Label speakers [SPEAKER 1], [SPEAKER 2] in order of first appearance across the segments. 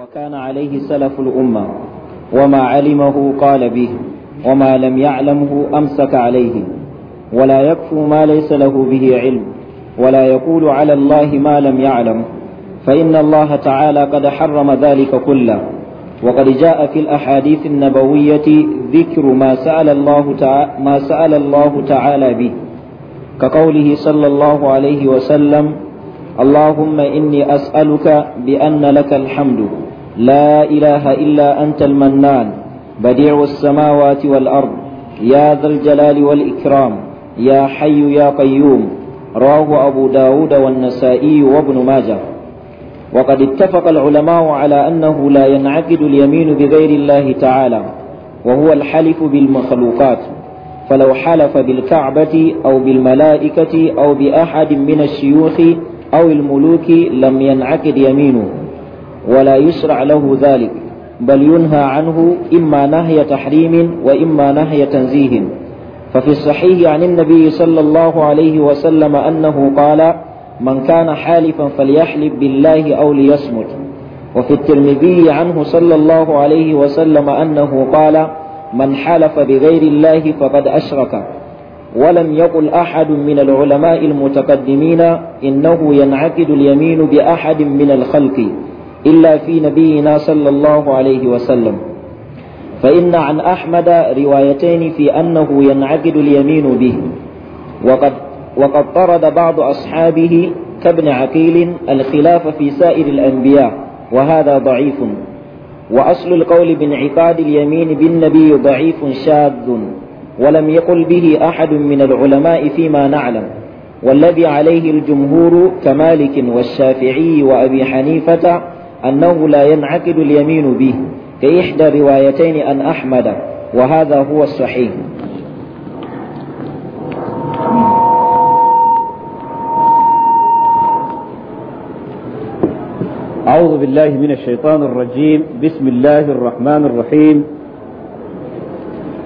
[SPEAKER 1] وكان عليه سلف الأمة وما علمه قال به وما لم يعلمه أمسك عليه ولا يكفو ما ليس له به علم ولا يقول على الله ما لم يعلم فإن الله تعالى قد حرم ذلك كله وقد جاء في الأحاديث النبوية ذكر ما سأل الله تعالى, ما سأل الله تعالى به كقوله صلى الله عليه وسلم اللهم إني أسألك بأن لك الحمد لا إله إلا أنت المنان بديع السماوات والأرض يا ذا الجلال والإكرام يا حي يا قيوم رواه أبو داود والنسائي وابن ماجه وقد اتفق العلماء على أنه لا ينعقد اليمين بغير الله تعالى وهو الحلف بالمخلوقات فلو حلف بالكعبة أو بالملائكة أو بأحد من الشيوخ أو الملوك لم ينعقد يمينه ولا يشرع له ذلك بل ينهى عنه إما نهي تحريم وإما نهي تنزيه ففي الصحيح عن النبي صلى الله عليه وسلم أنه قال من كان حالفا فليحلف بالله أو ليصمت وفي الترمذي عنه صلى الله عليه وسلم أنه قال من حلف بغير الله فقد أشرك ولم يقل أحد من العلماء المتقدمين إنه ينعقد اليمين بأحد من الخلق إلا في نبينا صلى الله عليه وسلم فإن عن أحمد روايتين في أنه ينعقد اليمين به وقد, وقد طرد بعض أصحابه كابن عقيل الخلاف في سائر الأنبياء وهذا ضعيف وأصل القول بانعقاد اليمين بالنبي ضعيف شاذ ولم يقل به أحد من العلماء فيما نعلم والذي عليه الجمهور كمالك والشافعي وأبي حنيفة أنه لا ينعقد اليمين به كإحدى روايتين أن أحمد وهذا هو الصحيح
[SPEAKER 2] أعوذ بالله من الشيطان الرجيم بسم الله الرحمن الرحيم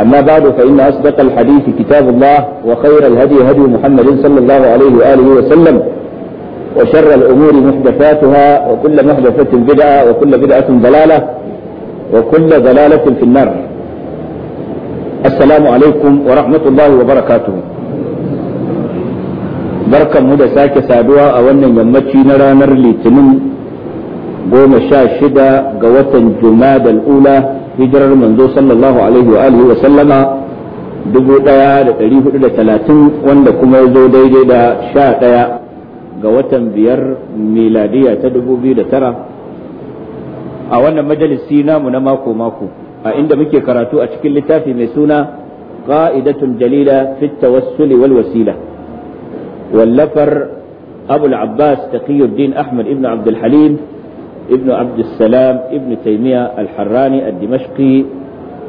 [SPEAKER 2] أما بعد فإن أصدق الحديث كتاب الله وخير الهدي هدي محمد صلى الله عليه وآله وسلم وشر الأمور محدثاتها وكل محدثة بدعة وكل بدعة ضلالة وكل ضلالة في النار السلام عليكم ورحمة الله وبركاته بركة مدى ساكة سادوة أولا a نرى yammaci na قوم الشاشدة قوة sha الأولى hijirar manzo sallallahu alaihi wa alihi wa sallama talatin wanda kuma ya zo daidai da sha daya ga watan biyar miladiya ta tara a wannan majalisi namu na mako mako a inda muke karatu a cikin littafi mai suna qa'idatun jalila fi tawassuli wal wasila wallafar abul abbas taqiyuddin ahmad ibn abdul halim ibn abdussalam ibn taimiya alharrani ad-dimashqi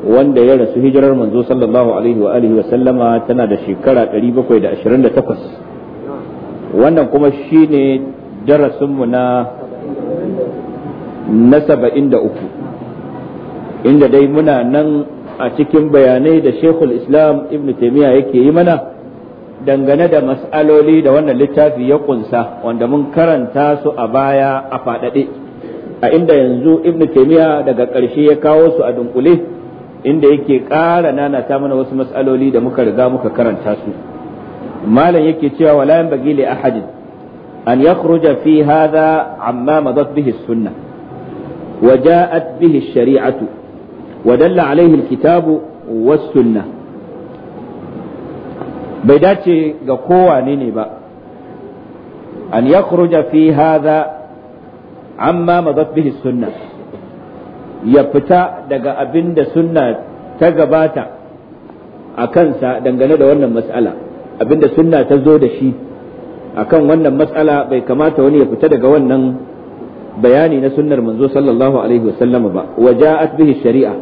[SPEAKER 2] wanda ya rasu hijirar manzo sallallahu alaihi wa alihi wa sallama tana da shekara wannan kuma shine darasinmu na na 73 inda dai muna nan a cikin bayanai da shekul islam ibn taimiya yake yi mana dangane da mas'aloli da wannan littafi ya ƙunsa, wanda mun karanta su a baya a faɗaɗe a inda yanzu ibn taymiya daga ƙarshe ya kawo su a dunkule inda yake ƙara nanata mana wasu mas'aloli da muka riga muka karanta su malam yake cewa wala yanbaghi li ahadin an yakhruja fi hadha amma madat bihi sunna wa ja'at bihi shari'atu wa dalla alayhi alkitabu was sunna bai dace ga kowane ne ba an yakhruja fi hadha amma madat bihi sunna ya fita daga abin da sunna ta gabata a kansa dangane da wannan matsala. abin da sunna ta zo da shi a kan wannan matsala bai kamata wani ya fita daga wannan bayani na sunnar manzo sallallahu alaihi wasallama ba wa ja'at bihi shari'a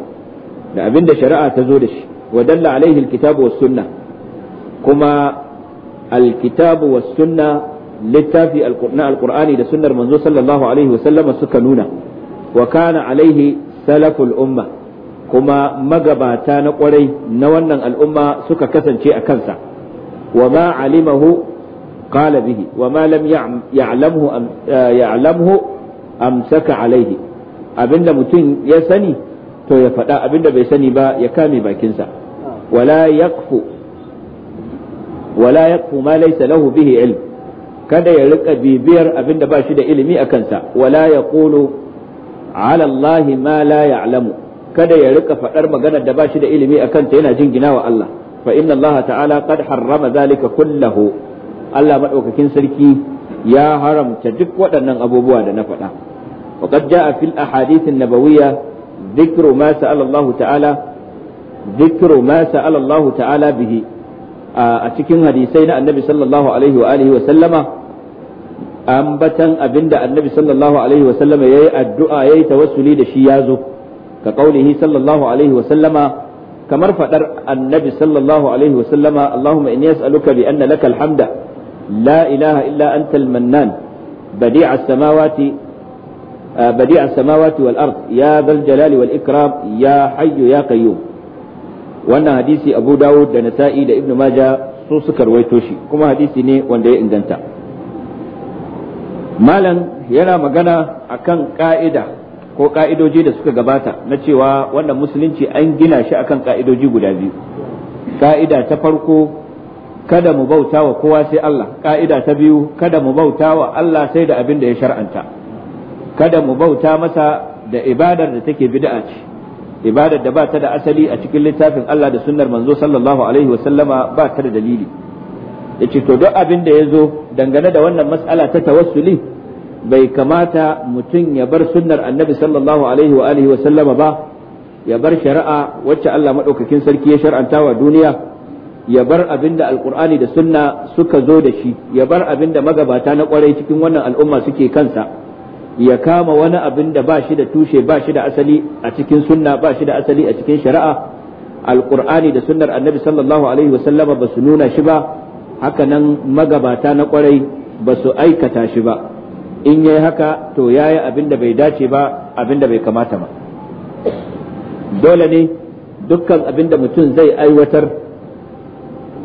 [SPEAKER 2] da abin da shari'a ta zo da shi wa dalla alaihi alkitabu was sunna kuma alkitabu was sunna littafi na alqur'ani da sunnar manzo sallallahu alaihi wasallama suka nuna wa kana alaihi salaful umma kuma magabata na kwarai na wannan al'umma suka kasance a kansa wa ma alimahu qala bihi wa ma lam ya'lamhu ya'lamhu amsaka alaihi abinda mutum ya sani to ya faɗa abinda bai sani ba ya kame bakinsa wala yakfu wala yaqfu ma laysa lahu bihi ilm kada ya rika bibiyar abin da ba shi da ilimi a kansa wala ya kulu ala ma la ya'lamu kada ya rika faɗar maganar da ba shi da ilimi a kanta yana jingina wa Allah fa inna Allah ta'ala qad harrama zalika kullahu Allah madaukakin sarki ya haramta duk waɗannan abubuwa da na faɗa wa qad ja'a fil ahadith an-nabawiyya dhikru ma sa'ala Allah ta'ala dhikru ma sa'ala Allah ta'ala bihi a cikin hadisai na annabi sallallahu alaihi wa alihi wa sallama ambatan abinda annabi sallallahu alaihi wa sallama yayi addu'a yayi tawassuli da shi yazo ka qaulihi sallallahu alaihi wa sallama kamar fadar annabi sallallahu alaihi wa sallama allahumma inni as'aluka bi anna lakal hamda la ilaha illa anta almannan badi'a as-samawati badi'a as-samawati wal ard ya dhal jalali wal ikram ya hayyu ya qayyum wannan hadisi abu dawud da nasa'i da ibnu maja su suka rawaito shi kuma hadisi ne wanda ya inganta malam yana magana akan ka'ida ko ka'idoji da suka gabata na cewa wannan musulunci an gina shi akan ka'idoji guda biyu ka'ida ta farko kada mu bauta wa kowa sai Allah ka'ida ta biyu kada mu bauta wa Allah sai da abin da ya shar'anta kada mu bauta masa da ibadar da take bid'a ce ibadar da ba ta da asali a cikin littafin Allah da sunnar manzo sallallahu alaihi wa sallama ba ta da dalili yace to duk abin da yazo dangane da wannan mas'ala ta tawassuli bai kamata mutum ya bar sunnar annabi sallallahu alaihi wa alihi wa sallama ba ya bar shari'a wacce Allah madaukakin sarki ya shar'anta wa duniya ya bar abin da alqur'ani da sunna suka zo da shi ya bar abin da magabata na kwarai cikin wannan al'umma suke kansa ya kama wani abin da ba shi da tushe ba shi da asali a cikin sunna ba shi da asali a cikin shari'a alqur'ani da sunnar annabi sallallahu alaihi wasallama ba su nuna shi ba haka nan magabata na kwarai ba su aikata shi ba in yayi haka to yayi abin da bai dace ba abin da bai kamata ba dole ne dukkan abin da mutum zai aiwatar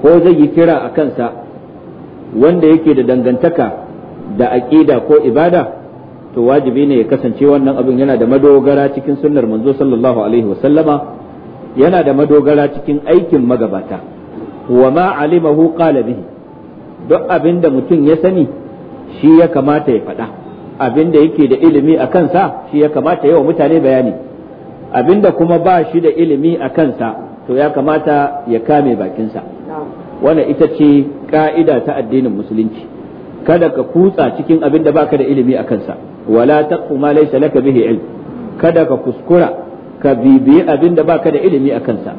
[SPEAKER 2] ko zai yi kira a kansa wanda yake da dangantaka da aƙida ko ibada to wajibi ne ya kasance wannan abin yana da madogara cikin sunnar manzo sallallahu alaihi wasallama yana da madogara cikin aikin magabata wa ma alimahu qala bihi duk abin da mutum ya sani shi ya kamata ya faɗa abin da yake da ilimi a kansa shi ya kamata yawa mutane bayani abin da kuma ba shi da ilimi a kansa to ya kamata ya kame bakinsa wannan ita ce ka'ida ta addinin musulunci kada ka kutsa cikin abin da baka da ilimi a kansa wala taqfu ma laysa laka bihi ilm kada ka kuskura ka bibiyi abin da baka da ilimi a kansa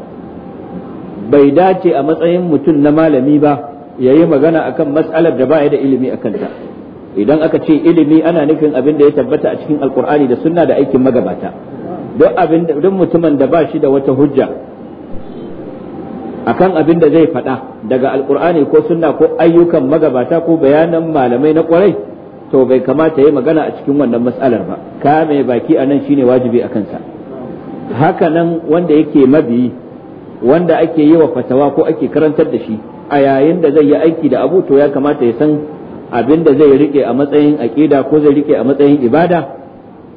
[SPEAKER 2] bai dace a matsayin mutum na malami ba yayi magana akan matsalar da ba da ilimi a kanta idan aka ce ilimi ana nufin abin da ya tabbata a cikin alkur'ani da sunna da aikin magabata don mutumin da ba shi da wata hujja akan abin da zai faɗa daga alkur'ani ko sunna ko ayyukan magabata ko bayanan malamai na kwarai to bai kamata ya magana a cikin wannan matsalar ba ka mai baki a nan shine wajibi a kansa haka nan wanda yake mabiyi wanda ake yi wa fatawa ko ake karantar da shi a yayin da zai yi aiki da abu to ya kamata ya san abin da zai rike a matsayin aqida ko zai rike a matsayin ibada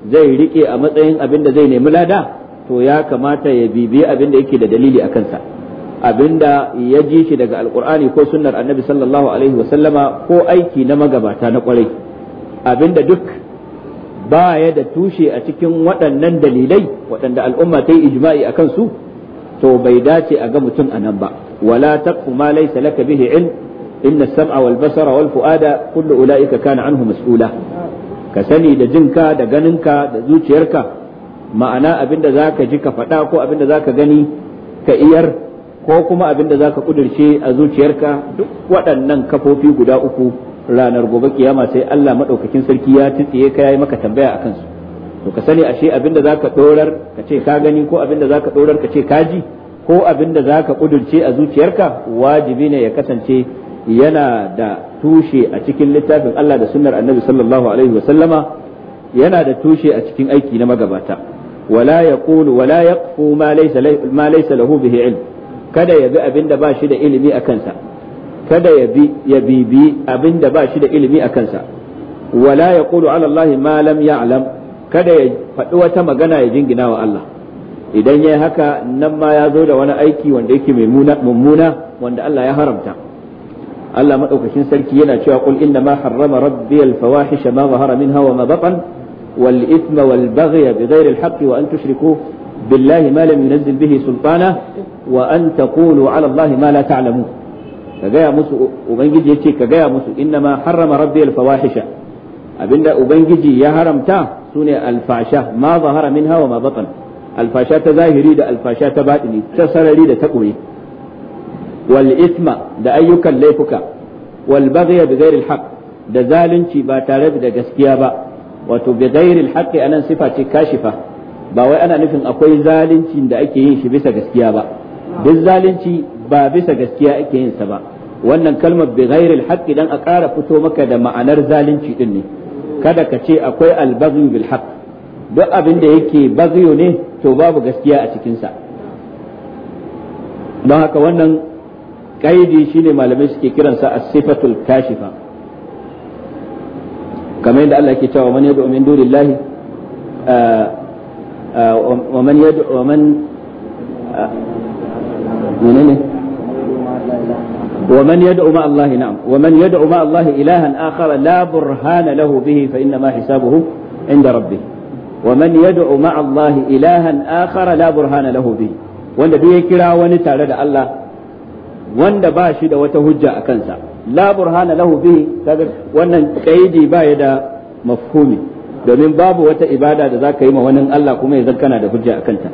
[SPEAKER 2] zai rike a matsayin abin da zai nemi lada to ya kamata ya bibi abin da yake da dalili a kansa abin da ya ji shi daga alkur'ani ko sunnar annabi sallallahu alaihi wasallama ko aiki na magabata na kwarai abinda duk baya da tushe a cikin waɗannan dalilai waɗanda al'umma ta yi ijma'i a kansu to bai dace a ga mutum a nan ba wala taqfu ma laysa laka bihi ilm inna as-sam'a wal basara wal fu'ada kullu ulaika kana anhu mas'ula ka sani da jinka da ganinka da zuciyarka ma'ana abinda zaka ji ka faɗa ko abinda zaka gani ka iyar ko kuma abinda zaka kudirce a zuciyarka duk waɗannan kafofi guda uku ranar gobe kiyama sai Allah madaukakin sarki ya tsiye ka yayi maka tambaya akan su to ka sani ashe abinda zaka dorar ka ce ka gani ko abinda zaka dorar ka ce ka ji ko abinda zaka kudurce a zuciyarka wajibi ne ya kasance yana da tushe a cikin littafin Allah da sunnar Annabi sallallahu alaihi wa sallama yana da tushe a cikin aiki na magabata wala yaqulu wala yaqfu ma laysa lahu bihi ilm kada ya bi abinda ba shi da ilimi akan sa kada ya bibi abin da ba shi da ilimi a kansa wala ya kulu ala Allah ma lam ya'lam kada ya faɗi wata magana ya jingina wa Allah idan yayi haka nan ma ya zo da wani aiki wanda yake mai mummuna wanda Allah ya haramta Allah madaukakin sarki yana cewa qul inna ma harrama rabbi al fawahish ma zahara minha wa ma batan wal ithma wal baghy bi bighairi al haqq wa an tushriku billahi ma lam yunzil bihi sultana wa an taqulu ala Allah ma la ta'lamun ka gaya musu ubangiji yace ka gaya musu innama harrama rabbi alfawahisha abinda ubangiji ya haramta sune alfasha ma zahara minha hawa ma batan alfasha ta zahiri da alfasha ta batini ta sarari da ta koyi wal isma da ayyukan laifuka wal baghy bi ghairi alhaq da zalunci ba tare da gaskiya ba wato bi ghairi alhaq anan sifa ce kashifa ba wai ana nufin akwai zaluncin da ake yin shi bisa gaskiya ba duk zalunci ba bisa gaskiya ake yin sa ba wannan kalmar bi ghairil haqqi dan a ƙara fito maka da ma'anar zalunci din ne kada ka ce akwai albaghi bil haqq duk abin da yake baghiyo ne to babu gaskiya a cikin sa don haka wannan kaidi shine malamai suke kiran as-sifatul kashifa kamar yadda Allah yake cewa man yad'u min dunillahi wa man yad'u wa man menene ومن يدعو مع الله نعم ومن يدعو مع الله إلها آخر لا برهان له به فإنما حسابه عند ربه ومن يدعو مع الله إلها آخر لا برهان له به wanda duk ya kira wani tare da Allah wanda ba shi da wata hujja a kansa la burhana lahu wannan kaidi ba ya da mafhumi domin babu wata ibada da zaka yi ma wani Allah kuma ya kana da hujja a kanta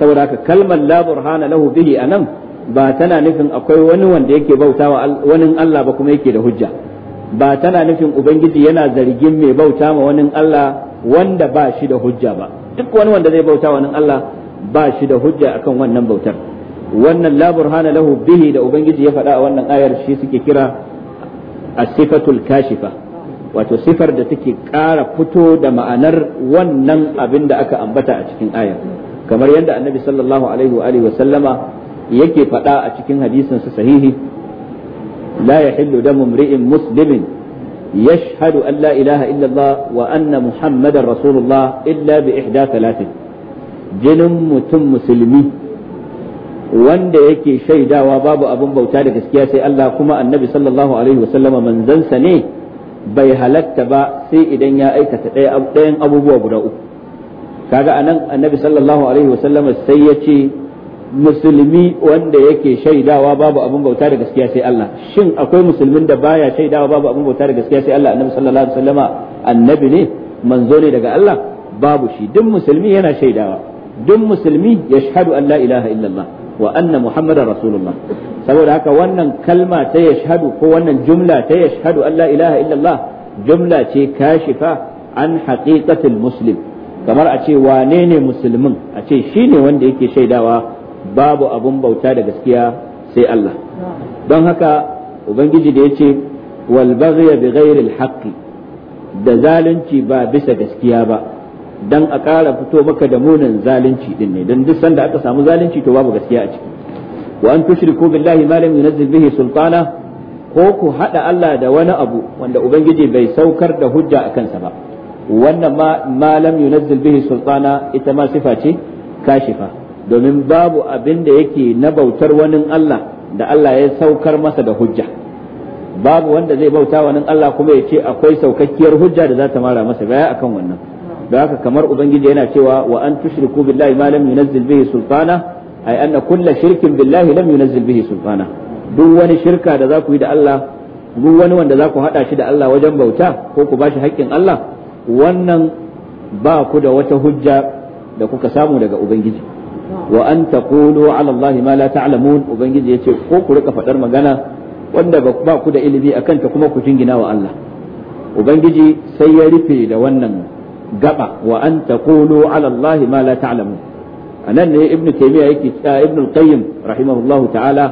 [SPEAKER 2] saboda haka kalmar la burhana lahu bihi anan ba tana nufin akwai wani wanda yake wa wani Allah ba kuma yake da hujja ba tana nufin ubangiji yana zargin mai bauta ma wani Allah wanda ba shi da hujja ba duk wani wanda zai bauta wani Allah ba shi da hujja akan wannan bautar wannan la burhana lahu bihi da ubangiji ya faɗa a wannan ayar shi suke kira as-sifatul kashifa wato sifar da take ƙara fito da ma'anar wannan abin da aka ambata a cikin ayar kamar yadda annabi sallallahu alaihi wa alihi wa sallama yake faɗa a cikin hadisin sa sahihi la yahillu damu mri'in muslimin yashhadu an la ilaha illa Allah wa anna muhammadar rasulullah illa bi ihda talatin jinin mutum musulmi wanda yake shaidawa babu abin bauta da gaskiya sai Allah kuma annabi sallallahu alaihi wasallama manzansa ne bai halatta ba sai idan ya aikata ɗayan abubuwa guda uku kaga anan annabi sallallahu alaihi wasallama sai ya ce musulmi wanda yake shaidawa babu abin bauta da gaskiya sai Allah shin akwai musulmin da baya shaidawa babu abin bauta da gaskiya sai Allah annabi sallallahu alaihi wasallama annabi ne manzo ne daga Allah babu shi duk musulmi yana shaidawa duk musulmi yashhadu an la ilaha illallah wa anna muhammadar rasulullah saboda haka wannan kalma ta yashhadu ko wannan jumla ta yashhadu an la ilaha illallah jumla ce kashifa an haqiqatil muslim kamar a ce wane ne musulmin a ce shine wanda yake shaidawa babu abun bauta da gaskiya sai Allah don haka ubangiji da ya ce baghy bi ghairi al da zalunci ba bisa gaskiya ba don a ƙara fito maka da munin zalunci din ne don duk sanda aka samu zalunci to babu gaskiya a ciki wa an tushriku billahi ma lam yunzil bihi sultana ko ku hada Allah da wani abu wanda ubangiji bai saukar da hujja a kansa ba wannan malam ma lam yunzil bihi sultana ita ma sifa ce kashifa domin babu abin da yake na bautar wani Allah da Allah ya saukar masa da hujja babu wanda zai bauta wani Allah kuma ya ce akwai saukakkiyar hujja da za ta mara masa baya akan wannan da haka kamar ubangiji yana cewa wa an tushriku billahi ma lam yunzil bihi sultana ay anna kulla shirkin billahi lam yunzil bihi sultana duk wani shirka da za ku yi da Allah duk wani wanda za ku hada shi da Allah wajen bauta ko ku bashi haƙƙin Allah wannan ba ku da wata hujja da kuka samu daga ubangiji wa an taqulu Allah ma la ta'lamun ubangiji yace ko ku rika fadar magana wanda ba ku da ilimi akan ta kuma ku jingina wa Allah ubangiji sai ya rufe da wannan gaba wa an taqulu Allah ma la ta'lamun anan ne ibnu taymiya yake ibnu qayyim rahimahullahu ta'ala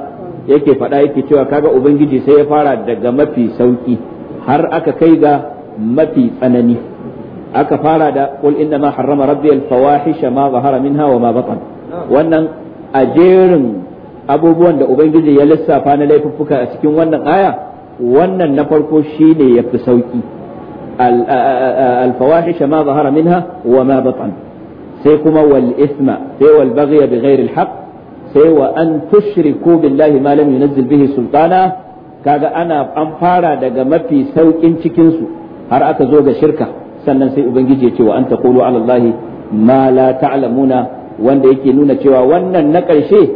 [SPEAKER 2] yake faɗa yake cewa kaga ubangiji sai ya fara daga mafi sauki har aka kai ga mafi tsanani aka fara da qul inna ma harrama rabbi al fawahisha ma zahara minha wa ma batan wannan a jerin abubuwan da Ubangiji ya lissafa na laifuffuka a cikin wannan aya wannan na farko shine ya fi sauki alfawahisha ma zahara minha wa ma sai kuma wal isma sai wal baghy bi ghairi sai wa an tushriku billahi ma lam yunzil sultana kaga ana an fara daga mafi saukin cikinsu har aka zo ga shirka sannan sai ubangiji ya ce wa an taqulu ala allahi ma la ta'lamuna ta wanda yake nuna cewa wannan na ƙarshe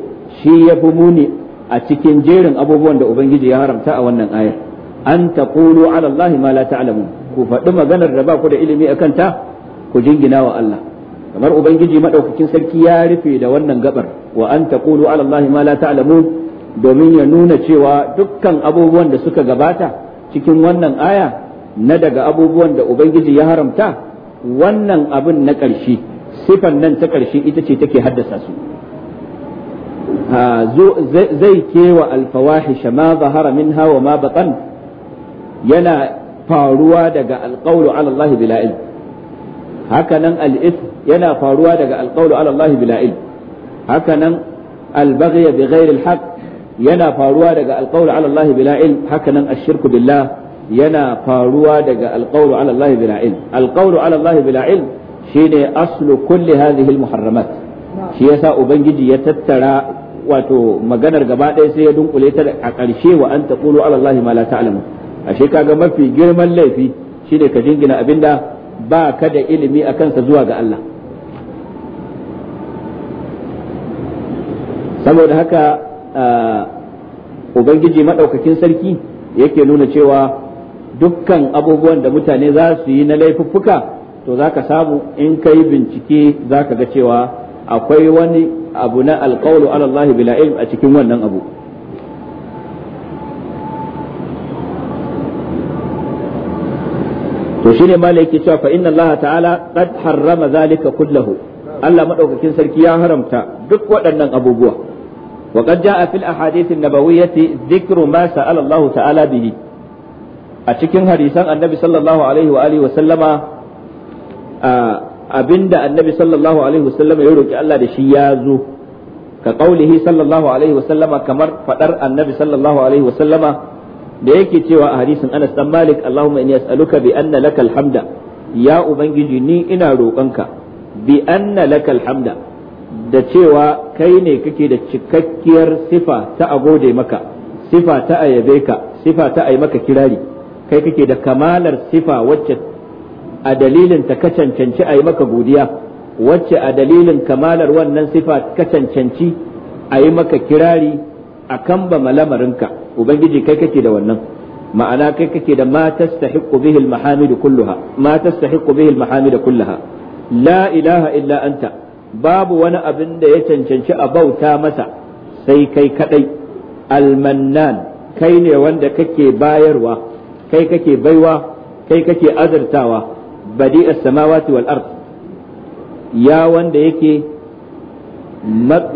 [SPEAKER 2] shi ya fi muni a cikin jerin abubuwan da ubangiji ya haramta a wannan ayar an ta ala allahi ma la ta'lamun ku faɗi maganar da ba ku da ilimi akan ta ku jingina wa Allah kamar ubangiji madaukakin sarki ya rufe da wannan gabar wa an ta ala allahi ma la ta'lamun domin ya nuna cewa dukkan abubuwan da suka gabata cikin wannan aya na daga abubuwan da Ubangiji ya haramta wannan abin na ƙarshe sifan nan ta ƙarshe ita ce take haddasa su zai kewa alfawahisha ma zahara minha wa ma batan yana faruwa daga alƙawlu ala Allah bila ilm haka nan yana faruwa daga alƙawlu ala Allah bila ilm haka nan albaghy bi ghairi alhaq yana faruwa daga alƙawlu ala Allah bila ilm haka nan ashirku billah yana faruwa daga alƙawlu ala Allah bila ilm alƙawlu ala Allah bila ilm shine aslu kulli hadhihi almuharramat shi yasa ubangiji ya tattara wato maganar gaba ɗaya sai ya dunkule ta a ƙarshe wa an taqulu ala allahi ma la ta'lamu ashe kaga mafi girman laifi shine ka jingina abinda ba ka da ilimi a kansa zuwa ga Allah saboda haka ubangiji maɗaukakin sarki yake nuna cewa dukkan abubuwan da mutane za su yi na laifuffuka to za ka samu in ka yi bincike za ka ga cewa akwai wani abu na alƙawlu alallahi bila ilm a cikin wannan abu to shine malai yake cewa fa inna allaha ta'ala qad harrama zalika kullahu Allah madaukakin sarki ya haramta duk waɗannan abubuwa wa qad jaa fil ahadith an-nabawiyyati dhikru ma sa'ala ta'ala bihi a cikin hadisan annabi sallallahu alaihi wa sallama abinda annabi sallallahu alaihi wasallam ya roki Allah da shi ya zo ka qaulihi sallallahu alaihi wasallama kamar fadar annabi sallallahu alaihi wasallama da yake cewa a hadisin Anas dan Malik Allahumma inni as'aluka bi anna lakal hamda ya ubangiji ni ina roƙonka bi anna lakal hamda da cewa kai ne kake da cikakkiyar sifa ta agode maka sifa ta ayabe ka sifa ta ai maka kirari kai kake da kamalar sifa wacce a dalilin ta ka cancanci a yi maka godiya wacce a dalilin kamalar wannan sifa ka cancanci a yi maka kirari a kan ba malamarinka ubangiji kai kake da wannan ma'ana kai kake da ma tastahiqqu bihi al-mahamidu kulluha la ilaha illa anta babu wani abin da ya cancanci a bauta masa sai kai kadai almanan kai ne wanda kake bayarwa kai kake baiwa kai kake azurtawa badi'as samawati wal ard ya wanda yake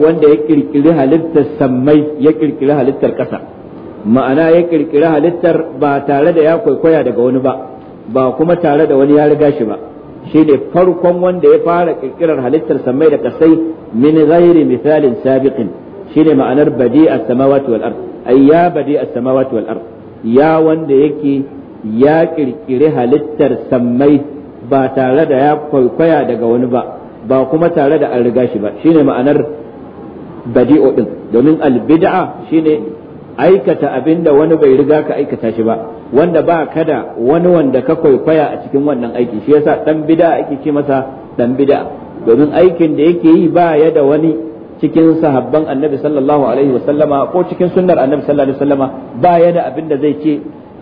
[SPEAKER 2] wanda ya kirkiri halittar sammai ya kirkiri halittar ƙasa ma'ana ya kirkiri halittar ba tare da ya kwaikwaya daga wani ba ba kuma tare da wani ya riga shi ba shi ne farkon wanda ya fara ƙirƙirar halittar samai da kasai min ghairi misalin sabiqin shi ne ma'anar badi'a samawati wal ard ay ya badi'a samawati wal ard ya wanda yake ya ƙirƙiri halittar sammai ba tare da ya kwaikwaya daga wani ba ba kuma tare da an riga shi ba shine ma'anar badi'o din domin albid'a shine aikata abinda wani bai riga ka aikata shi ba wanda ba kada wani wanda ka kwaikwaya a cikin wannan aiki shi yasa dan bid'a ake ce masa dan bid'a domin aikin da yake yi ba ya da wani cikin sahabban annabi sallallahu alaihi wasallama ko cikin sunnar annabi sallallahu alaihi wasallama ba ya da abin da zai ce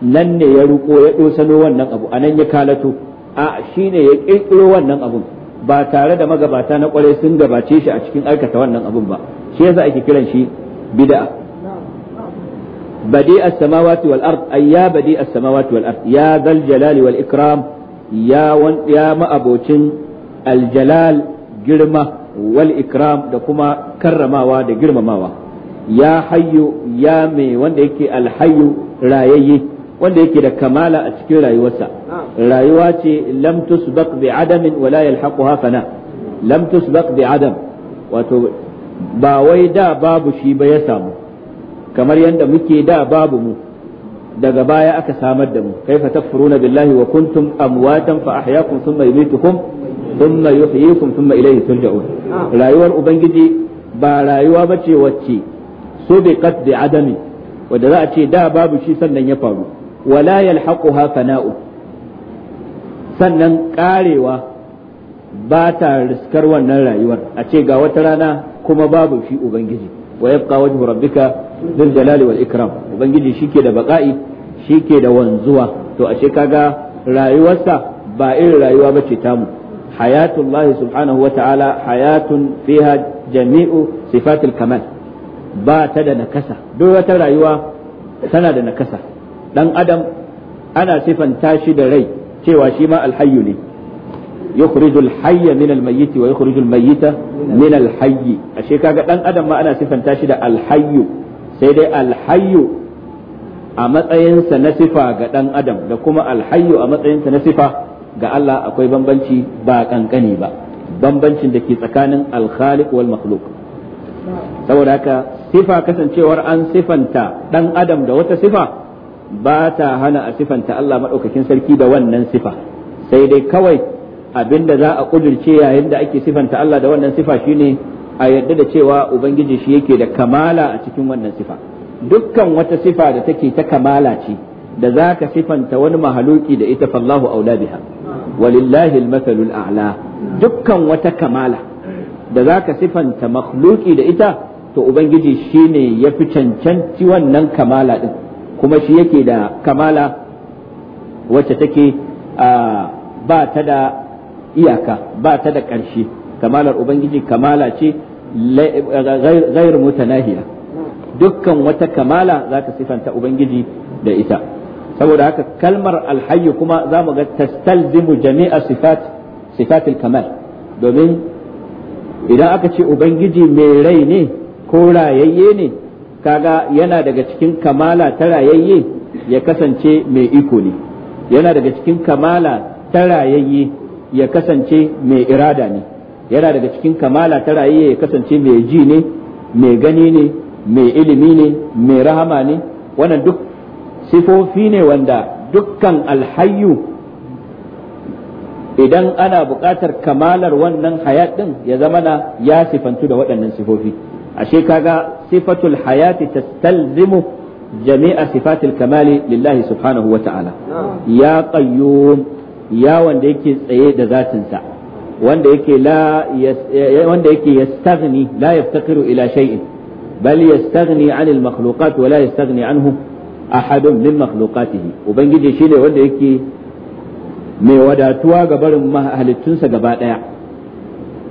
[SPEAKER 2] nan ne ya ruko ya dosano wannan abu anan ya kalato a ne ya ƙirƙiro wannan abun ba tare da magabata na ƙwarai sun gabace shi a cikin aikata wannan abun ba shi yasa ake kiran shi bid'a badi as-samawati wal ard ayya badi as-samawati wal ard ya dal jalali wal ikram ya wan ya ma'abocin al jalal girma wal ikram da kuma karramawa da girmamawa ya hayyu ya mai wanda yake al hayyu rayayye wanda yake da kamala a cikin rayuwarsa rayuwa ce lam tusbaq bi adamin wala yalhaquha fana lam tusbaq bi adam wato ba wai da babu shi ba ya samu kamar yadda muke da babu mu daga baya aka samar da mu kaifa takfuruna billahi wa kuntum amwatan fa ahyaakum thumma yumitukum thumma yuhyikum thumma ilayhi turja'un rayuwar ubangiji ba rayuwa bace wacce so bi qad bi adami wanda za a ce da babu shi sannan ya faru wala yalhaquha fana'u sannan karewa ba ta riskar wannan rayuwar a ce ga wata rana kuma babu shi ubangiji wa yabqa wajhu rabbika dhul jalali wal ikram ubangiji shike da baqa'i shike da wanzuwa to ashe kaga rayuwarsa ba irin rayuwa bace tamu hayatullah subhanahu wa ta'ala hayatun fiha jami'u sifatil kamal ba ta da nakasa duk wata rayuwa tana da nakasa Ɗan adam ana sifanta shi da rai cewa shi ma alhayyu ne يخرج الحي من الميت ويخرج الميت من الحي ashe kaga ɗan adam ma ana sifanta shi da alhayyu sai dai alhayu a matsayinsa na sifa ga dan adam da kuma alhayyu a matsayinsa na sifa ga Allah akwai bambanci ba kankani ba bambancin da ke tsakanin alkhaliq wal saboda haka sifa kasancewar an sifanta ɗan adam da wata sifa ba ta hana a sifanta Allah maɗaukakin sarki da wannan sifa sai dai kawai abinda za a ƙudurce yayin da ake sifanta Allah da wannan sifa shine a yarda da cewa ubangiji shi yake da kamala a cikin wannan sifa dukkan wata sifa da take ta kamala ce da za ka sifanta wani mahaluki da ita fallahu aula biha walillahi almathalul a'la dukkan wata kamala da za ka sifanta mahaluki da ita to ubangiji shine ya fi cancanci wannan kamala din kuma shi yake da kamala wacce take ba ta da iyaka ba ta da ƙarshe kamalar ubangiji kamala ce gairu mutanahiya dukkan wata kamala za ka sifanta ubangiji da ita saboda haka kalmar alhayyu kuma za mu ga tastalzimu jami'a sifat sifatil kamal domin idan aka ce ubangiji mai rai ne ko rayayye ne kaga yana daga cikin kamala ta rayayye ya kasance mai iko ne yana daga cikin kamala ta rayayye ya kasance mai irada ne yana daga cikin kamala ta rayayye ya kasance mai ji ne mai gani ne mai ilimi ne mai rahama ne wannan duk sifofi ne wanda dukkan alhayyu idan ana buƙatar kamalar wannan hayat ɗin ya zama na ya sifantu da waɗannan sifofi ashe kaga sifatul hayati tastalzimu jami'a sifatul kamali lillahi subhanahu wa ta'ala ya qayyum ya wanda yake tsaye da zatinsa wanda yake la eh, wanda yake yastaghni la ila shay'in bal yastaghni 'anil makhluqat wa la yastaghni 'anhu ahadun min makhluqatihi ubangiji shine wanda yake mai wadatuwa ga barin mahalittunsa gaba daya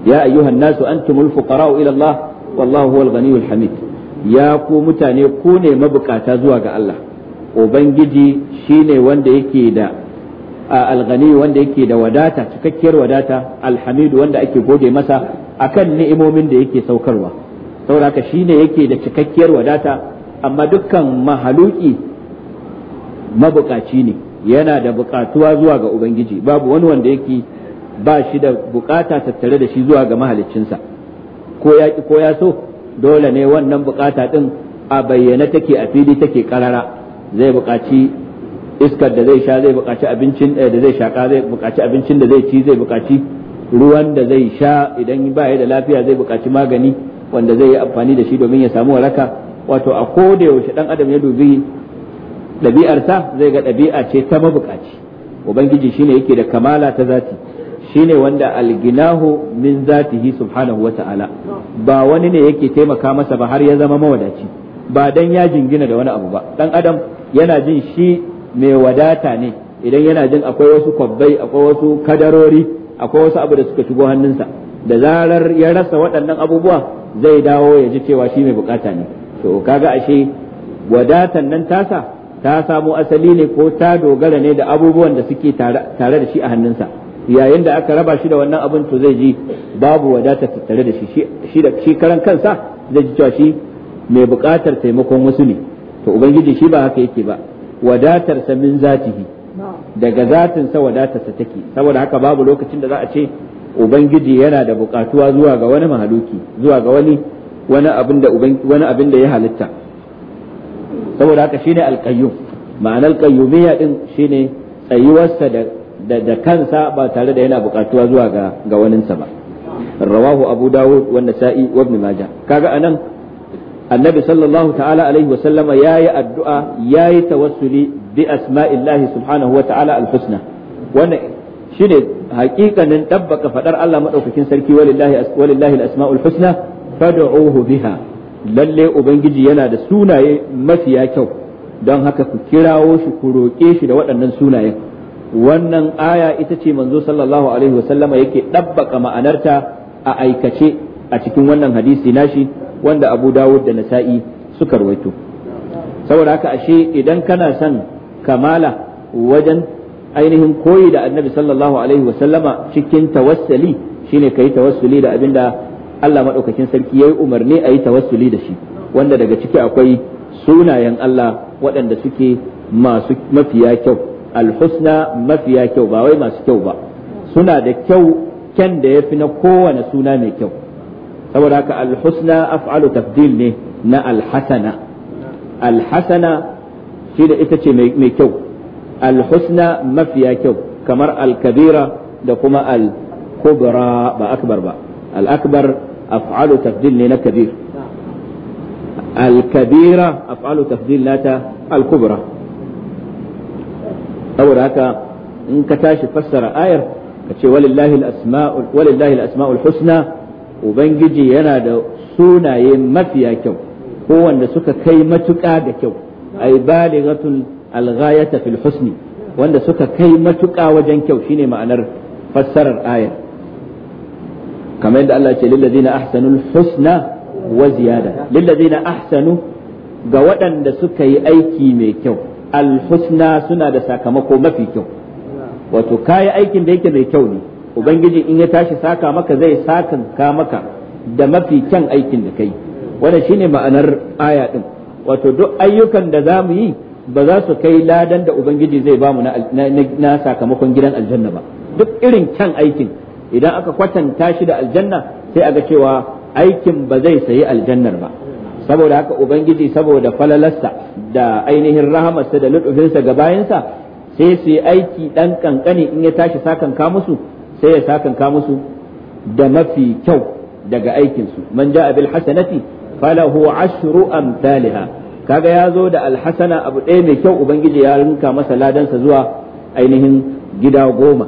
[SPEAKER 2] ya ayyuhan nasu antumul fuqara'u ila Allah wallahu huwal ghaniyul hamid ya ku mutane ku ne mabukata zuwa ga Allah ubangiji shine wanda yake da alghani wanda yake da wadata cikakkiyar wadata alhamid wanda ake gode masa akan ni'imomin da yake saukarwa sauraka shi shine yake da cikakkiyar wadata amma dukkan mahaluki mabukaci ne yana da bukatuwa zuwa ga ubangiji babu wani wanda yake ba shi da bukata tattare da shi zuwa ga mahaliccinsa ko ya ko ya so dole ne wannan bukata din a bayyana take a fili take karara zai buƙaci iskar da zai sha zai buƙaci abincin eh, da zai shaƙa zai buƙaci abincin da zai ci zai buƙaci ruwan da zai sha idan ba ya da lafiya zai bukaci magani wanda zai yi amfani da shi domin ya samu waraka wato a ko da yaushe dan adam ya dubi ɗabi'arsa zai ga ɗabi'a ce ta mabukaci ubangiji shine yake da kamala ta zati shine wanda alginahu min zatihi subhanahu wata'ala ba wani ne yake taimaka masa ba har ya zama mawadaci ba dan ya jingina da wani abu ba dan adam yana jin shi mai wadata ne idan yana jin akwai wasu kwabbai akwai wasu kadarori akwai wasu abu da suka shigo hannunsa da zarar ya rasa waɗannan abubuwa zai dawo ya ji cewa shi mai bukata ne to kaga ashe wadatan nan tasa ta samo asali ne ko ta dogara ne da abubuwan da suke tare da shi a hannunsa yayin da aka raba shi da wannan abin to zai ji babu wadata tattare da shi shi da shi karan kansa zai ji cewa shi mai buƙatar taimakon wasu ne to ubangiji shi ba haka yake ba wadatar sa min zatihi daga zatin sa wadatar sa take saboda haka babu lokacin da za a ce ubangiji yana da buƙatuwa zuwa ga wani mahaluki zuwa ga wani wani abin da wani abin da ya halitta saboda haka shine alqayyum ma'anar qayyumiyya din shine tsayuwarsa da da kansa ba tare da yana bukatuwa zuwa ga ga waninsa ba rawahu abu dawud wa nasa'i wa ibn majah kaga anan annabi sallallahu ta'ala alaihi wa sallama yayi addu'a yayi tawassuli bi asma'illahi subhanahu wa ta'ala alhusna wannan shine hakikanin dabbaka fadar Allah madaukakin sarki walillahi walillahi alasma'ul husna fad'uhu biha lalle ubangiji yana da sunaye mafiya kyau don haka ku kirawo shi ku roƙe shi da waɗannan sunayen wannan aya ita ce manzo sallallahu alaihi wasallama yake ɗabbaka ma'anarta a aikace a cikin wannan hadisi nashi wanda abu dawud da nasa'i suka rawaito saboda haka ashe idan kana son kamala wajen ainihin koyi da annabi sallallahu alaihi wasallama cikin tawassali shine ka yi tawassuli da abinda Allah maɗaukakin sarki ya yi umarni a yi tawassuli da shi wanda daga ciki akwai sunayen Allah waɗanda suke masu mafiya kyau alhusna mafiya kyau ba wai masu kyau ba suna da kyau kyan da yafi na kowane suna mai kyau saboda haka alhusna af'alu tafdil ne na alhasana alhasana shi da ita ce mai kyau alhusna mafiya kyau kamar alkabira da kuma alkubra ba akbar ba alakbar af'alu tafdil ne na kabir alkabira af'alu tafdil nata alkubra saboda haka in ka tashi fassara ayar ka ce walillahi al-asma'ul husna ubangiji yana da sunaye mafiya kyau ko wanda suka kai matuƙa da kyau ay balighatul al fil husni wanda suka kai matuƙa wajen kyau shine ma'anar fassarar ayar kamar yadda Allah ce lillazina ahsanul husna wa ziyada lillazina ahsanu ga waɗanda suka yi aiki mai kyau alhusna suna da sakamako mafi kyau wato kayi aikin da yake mai kyau ne ubangiji in ya tashi saka maka zai ka maka da mafi kyan aikin da kai wanda shine ma'anar aya din wato duk ayyukan da za mu yi ba za su kai ladan da ubangiji zai ba mu na sakamakon gidan aljanna ba duk irin kyan aikin idan aka kwatanta shi da aljanna sai aga cewa aikin ba zai sayi aljannar ba saboda haka ubangiji saboda falalarsa da ainihin rahamarsa da lutufinsa ga bayansa sai su yi aiki ɗan ƙanƙani in ya tashi sakanka musu sai ya sakanka musu da mafi kyau daga aikinsu man ja abil hasanati falahu ashru amsalha kaga ya zo da alhasana abu ɗaya mai kyau ubangiji ya rinka masa ladansa zuwa ainihin gida goma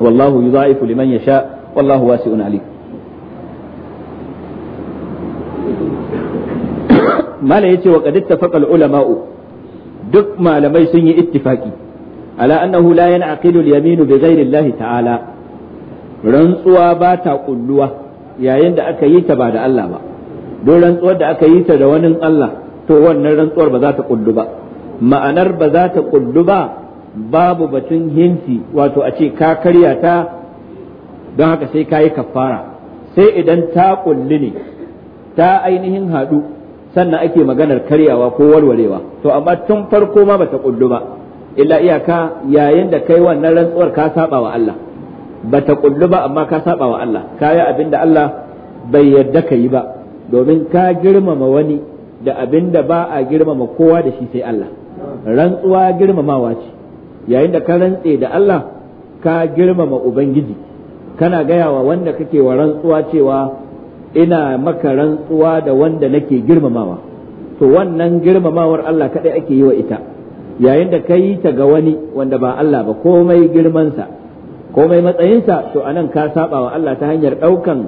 [SPEAKER 2] wallahu yudha'ifu liman yasha wallahu wasi'un alim mala yace wa qad ittafaqa ulama'u duk malamai sun yi ittifaki ala annahu la yanqilu al-yaminu bi ghayri Allah ta'ala rantsuwa ba ta kulluwa yayin da aka yi ta ba da Allah ba don rantsuwar da aka yi ta da wani Allah to wannan rantsuwar ba za ta kullu ba ma'anar ba za ta kullu ba babu batun hinsi wato a ce ka karya ta don haka sai ka yi kafara sai idan ta kulli ne ta ainihin haɗu sannan ake maganar karyawa ko warwarewa to amma tun farko ma bata kullu ba illa iyaka yayin da kai wannan rantsuwar ka saba wa Allah bata kullu ba amma ka saba wa Allah kayi abin da Allah bai yarda ka yi ba domin ka girmama wani da abin da ba a girmama kowa da shi sai Allah rantsuwa girmamawa ce yayin da ka rantse da Allah ka girmama ubangiji kana gayawa wanda kake wa rantsuwa cewa ina maka rantsuwa da wanda nake girmamawa to wannan girmamawar Allah kadai ake yi wa ita yayin da kai ta ga wani wanda ba Allah ba komai girmansa komai matsayinsa to anan ka saba wa Allah ta hanyar daukan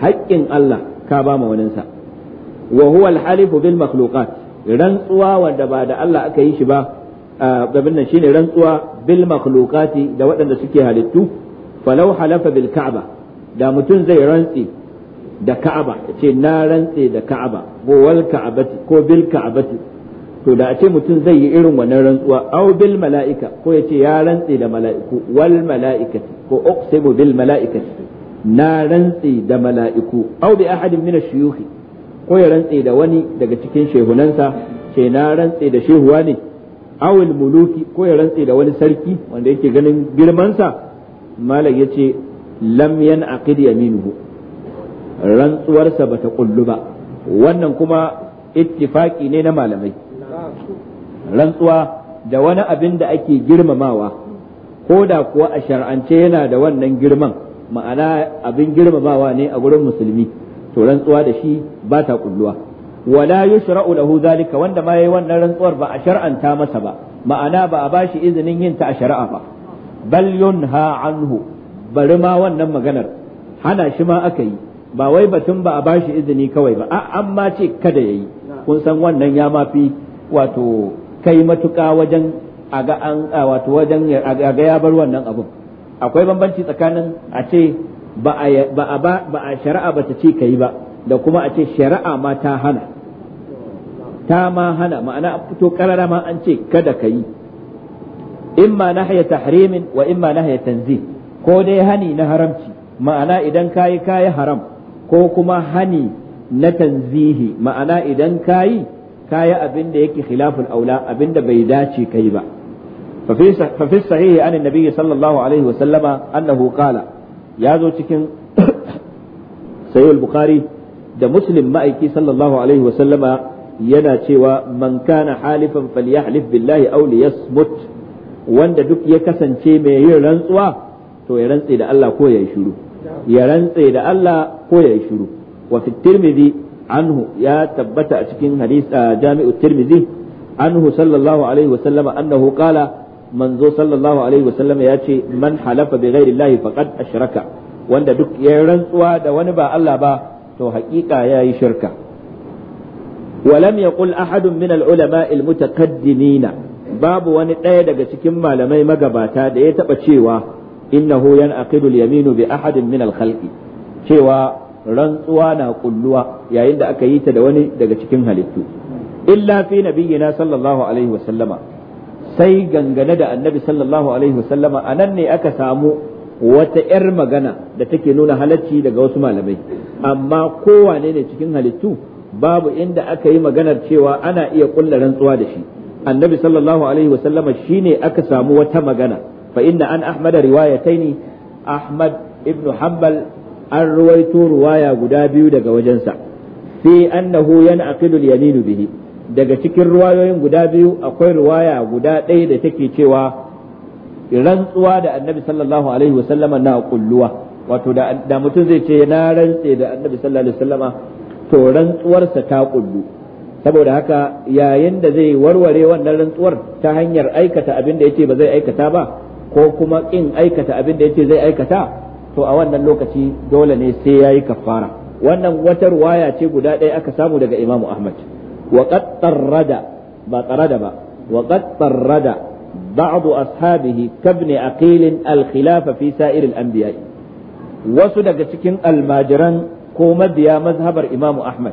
[SPEAKER 2] haƙƙin Allah ka ba ma waninsa wa huwa al-halifu bil makhluqat rantsuwa wanda ba da Allah aka yi shi ba abin nan shine rantsuwa bil makhluqati da waɗanda suke halittu falau halafa bil ka'ba da mutum zai rantsi da ka'aba ya ce na rantse da ka'aba ko wal ka'abati ko bil ka'abati to da a ce mutum zai yi irin wannan rantsuwa aw bil mala'ika ko ya ce ya rantse da mala'iku wal mala'ikati ko uqsimu bil mala'ikati na rantse da mala'iku aw bi ahadin min ash-shuyukh ko ya rantse da wani daga cikin shehunansa ce na rantse da shehuwa ne aw al muluki ko ya rantse da wani sarki wanda yake ganin girmansa malam yace lam yanaqid yaminuhu rantsuwarsa bata kullu ba wannan kuma ittifaki ne na malamai rantsuwa da wani abin da ake girmamawa ko da kuwa a shar'ance yana da wannan girman ma'ana abin girmamawa ne a gurin musulmi to rantsuwa da shi ba ta kulluwa wala yushra'u lahu zalika wanda ma yayi wannan rantsuwar ba a shar'anta masa ba ma'ana ba a bashi izinin yin ta a shari'a ba bal yunha anhu bari ma wannan maganar hana shi ma aka yi ba wai batun ba a bashi izini kawai ba a an ma ce kada yayi kun san wannan ya mafi wato kai matuka wajen a ga an wato wajen a ga ya bar wannan abun akwai bambanci tsakanin a ce ba a ba a shari'a ba ta ce kai ba da kuma a ce shari'a ma ta hana ta ma hana ma'ana a fito karara ma an ce kada ka yi imma nahya tahrimin wa imma nahya tanzih ko dai hani na haramci ma'ana idan kayi kayi haram ko kuma hani na tanzihi ma'ana idan kayi kayi abin da yake khilaful aula abin da bai dace kai ba fa fi sahihi an annabi sallallahu alaihi wa sallama annahu qala yazo cikin sahih al-bukhari da muslim ma'aiki sallallahu alaihi wa sallama yana cewa man kana halifan falyahlif billahi aw liyasmut wanda duk ya kasance mai yin rantsuwa to ya rantse da Allah ko ya yi shiru ya rantse da Allah ko ya yi shiru wa fi tirmidhi anhu ya tabbata a cikin hadis jami'u tirmidhi anhu sallallahu alaihi wa sallama annahu qala manzo sallallahu alaihi wa sallama ya ce man halafa bi ghairi llahi faqad ashraka wanda duk ya rantsuwa da wani ba Allah ba to haƙiƙa ya yi shirka ولم يقل أحد من العلماء المتقدمين babu wani ɗaya daga cikin malamai magabata da ya taɓa cewa innahu yan'aqidul yaminu bi ahadin min al cewa rantsuwa na kulluwa yayin da aka yi ta da wani daga cikin halittu illa fi nabiyyina sallallahu wa sallama sai gangane da annabi sallallahu alaihi wa sallama nan ne aka samu wata 'yar magana da take nuna halacci daga wasu malamai amma kowane ne cikin halittu babu inda aka yi maganar cewa ana iya kulla rantsuwa da shi annabi sallallahu alaihi wa sallama shine aka samu wata magana fa inna an ahmad riwayataini ahmad ibn hanbal an ruwaito ruwaya guda biyu daga wajensa fi annahu yanqidul yaminu bihi daga cikin ruwayoyin guda biyu akwai ruwaya guda ɗaya da take cewa rantsuwa da annabi sallallahu alaihi wasallama na kulluwa wato da mutum zai ce na rantse da annabi sallallahu alaihi wasallama to rantsuwarsa ta kullu saboda haka yayin da zai warware wannan rantsuwar ta hanyar aikata abin da ce ba zai aikata ba ko kuma kin aikata abin da yace zai aikata to a wannan lokaci dole ne sai ya yi kafara wannan wata ruwaya ce guda ɗaya aka samu daga Imam Ahmad wa qad tarrada ba tarada ba wa qad tarrada ba'd ashabihi kabn aqil al-khilafa fi anbiya wasu daga cikin almajiran ko mabiya mazhabar Imam Ahmad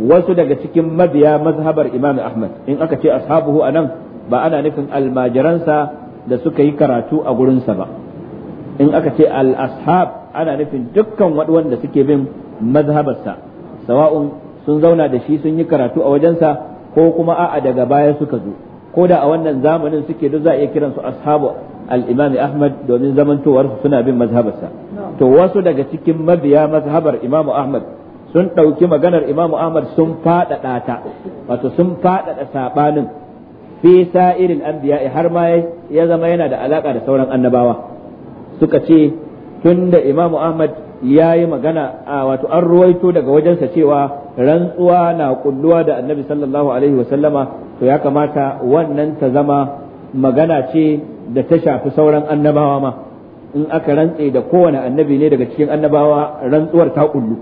[SPEAKER 2] wasu daga cikin mabiya mazhabar Imam Ahmad in aka ce ashabuhu anan ba ana nufin almajiransa da suka yi karatu a gurinsa ba in aka ce al-ashab ana nufin dukkan da suke bin mazhabarsa sawa'un sun zauna da shi sun yi karatu a wajensa ko kuma a'a daga baya suka zo ko da a wannan zamanin suke da za a iya kiransu ashabu al-imam ahmad domin zamantowar suna bin mazhabarsa to wasu daga cikin mabiya mazhabar imam ahmad sun ɗauki maganar imam ahmad sun faɗaɗa ta wato sun faɗaɗa saɓanin fi sa'irin anbiya har ma ya zama yana da alaka da sauran annabawa suka ce tunda imam ahmad ya yi magana a wato an ruwaito daga wajensa cewa rantsuwa na kulluwa da annabi sallallahu alaihi wasallama to ya kamata wannan ta zama magana ce da ta shafi sauran annabawa ma in aka rantse da kowane annabi ne daga cikin annabawa rantsuwar ta kullu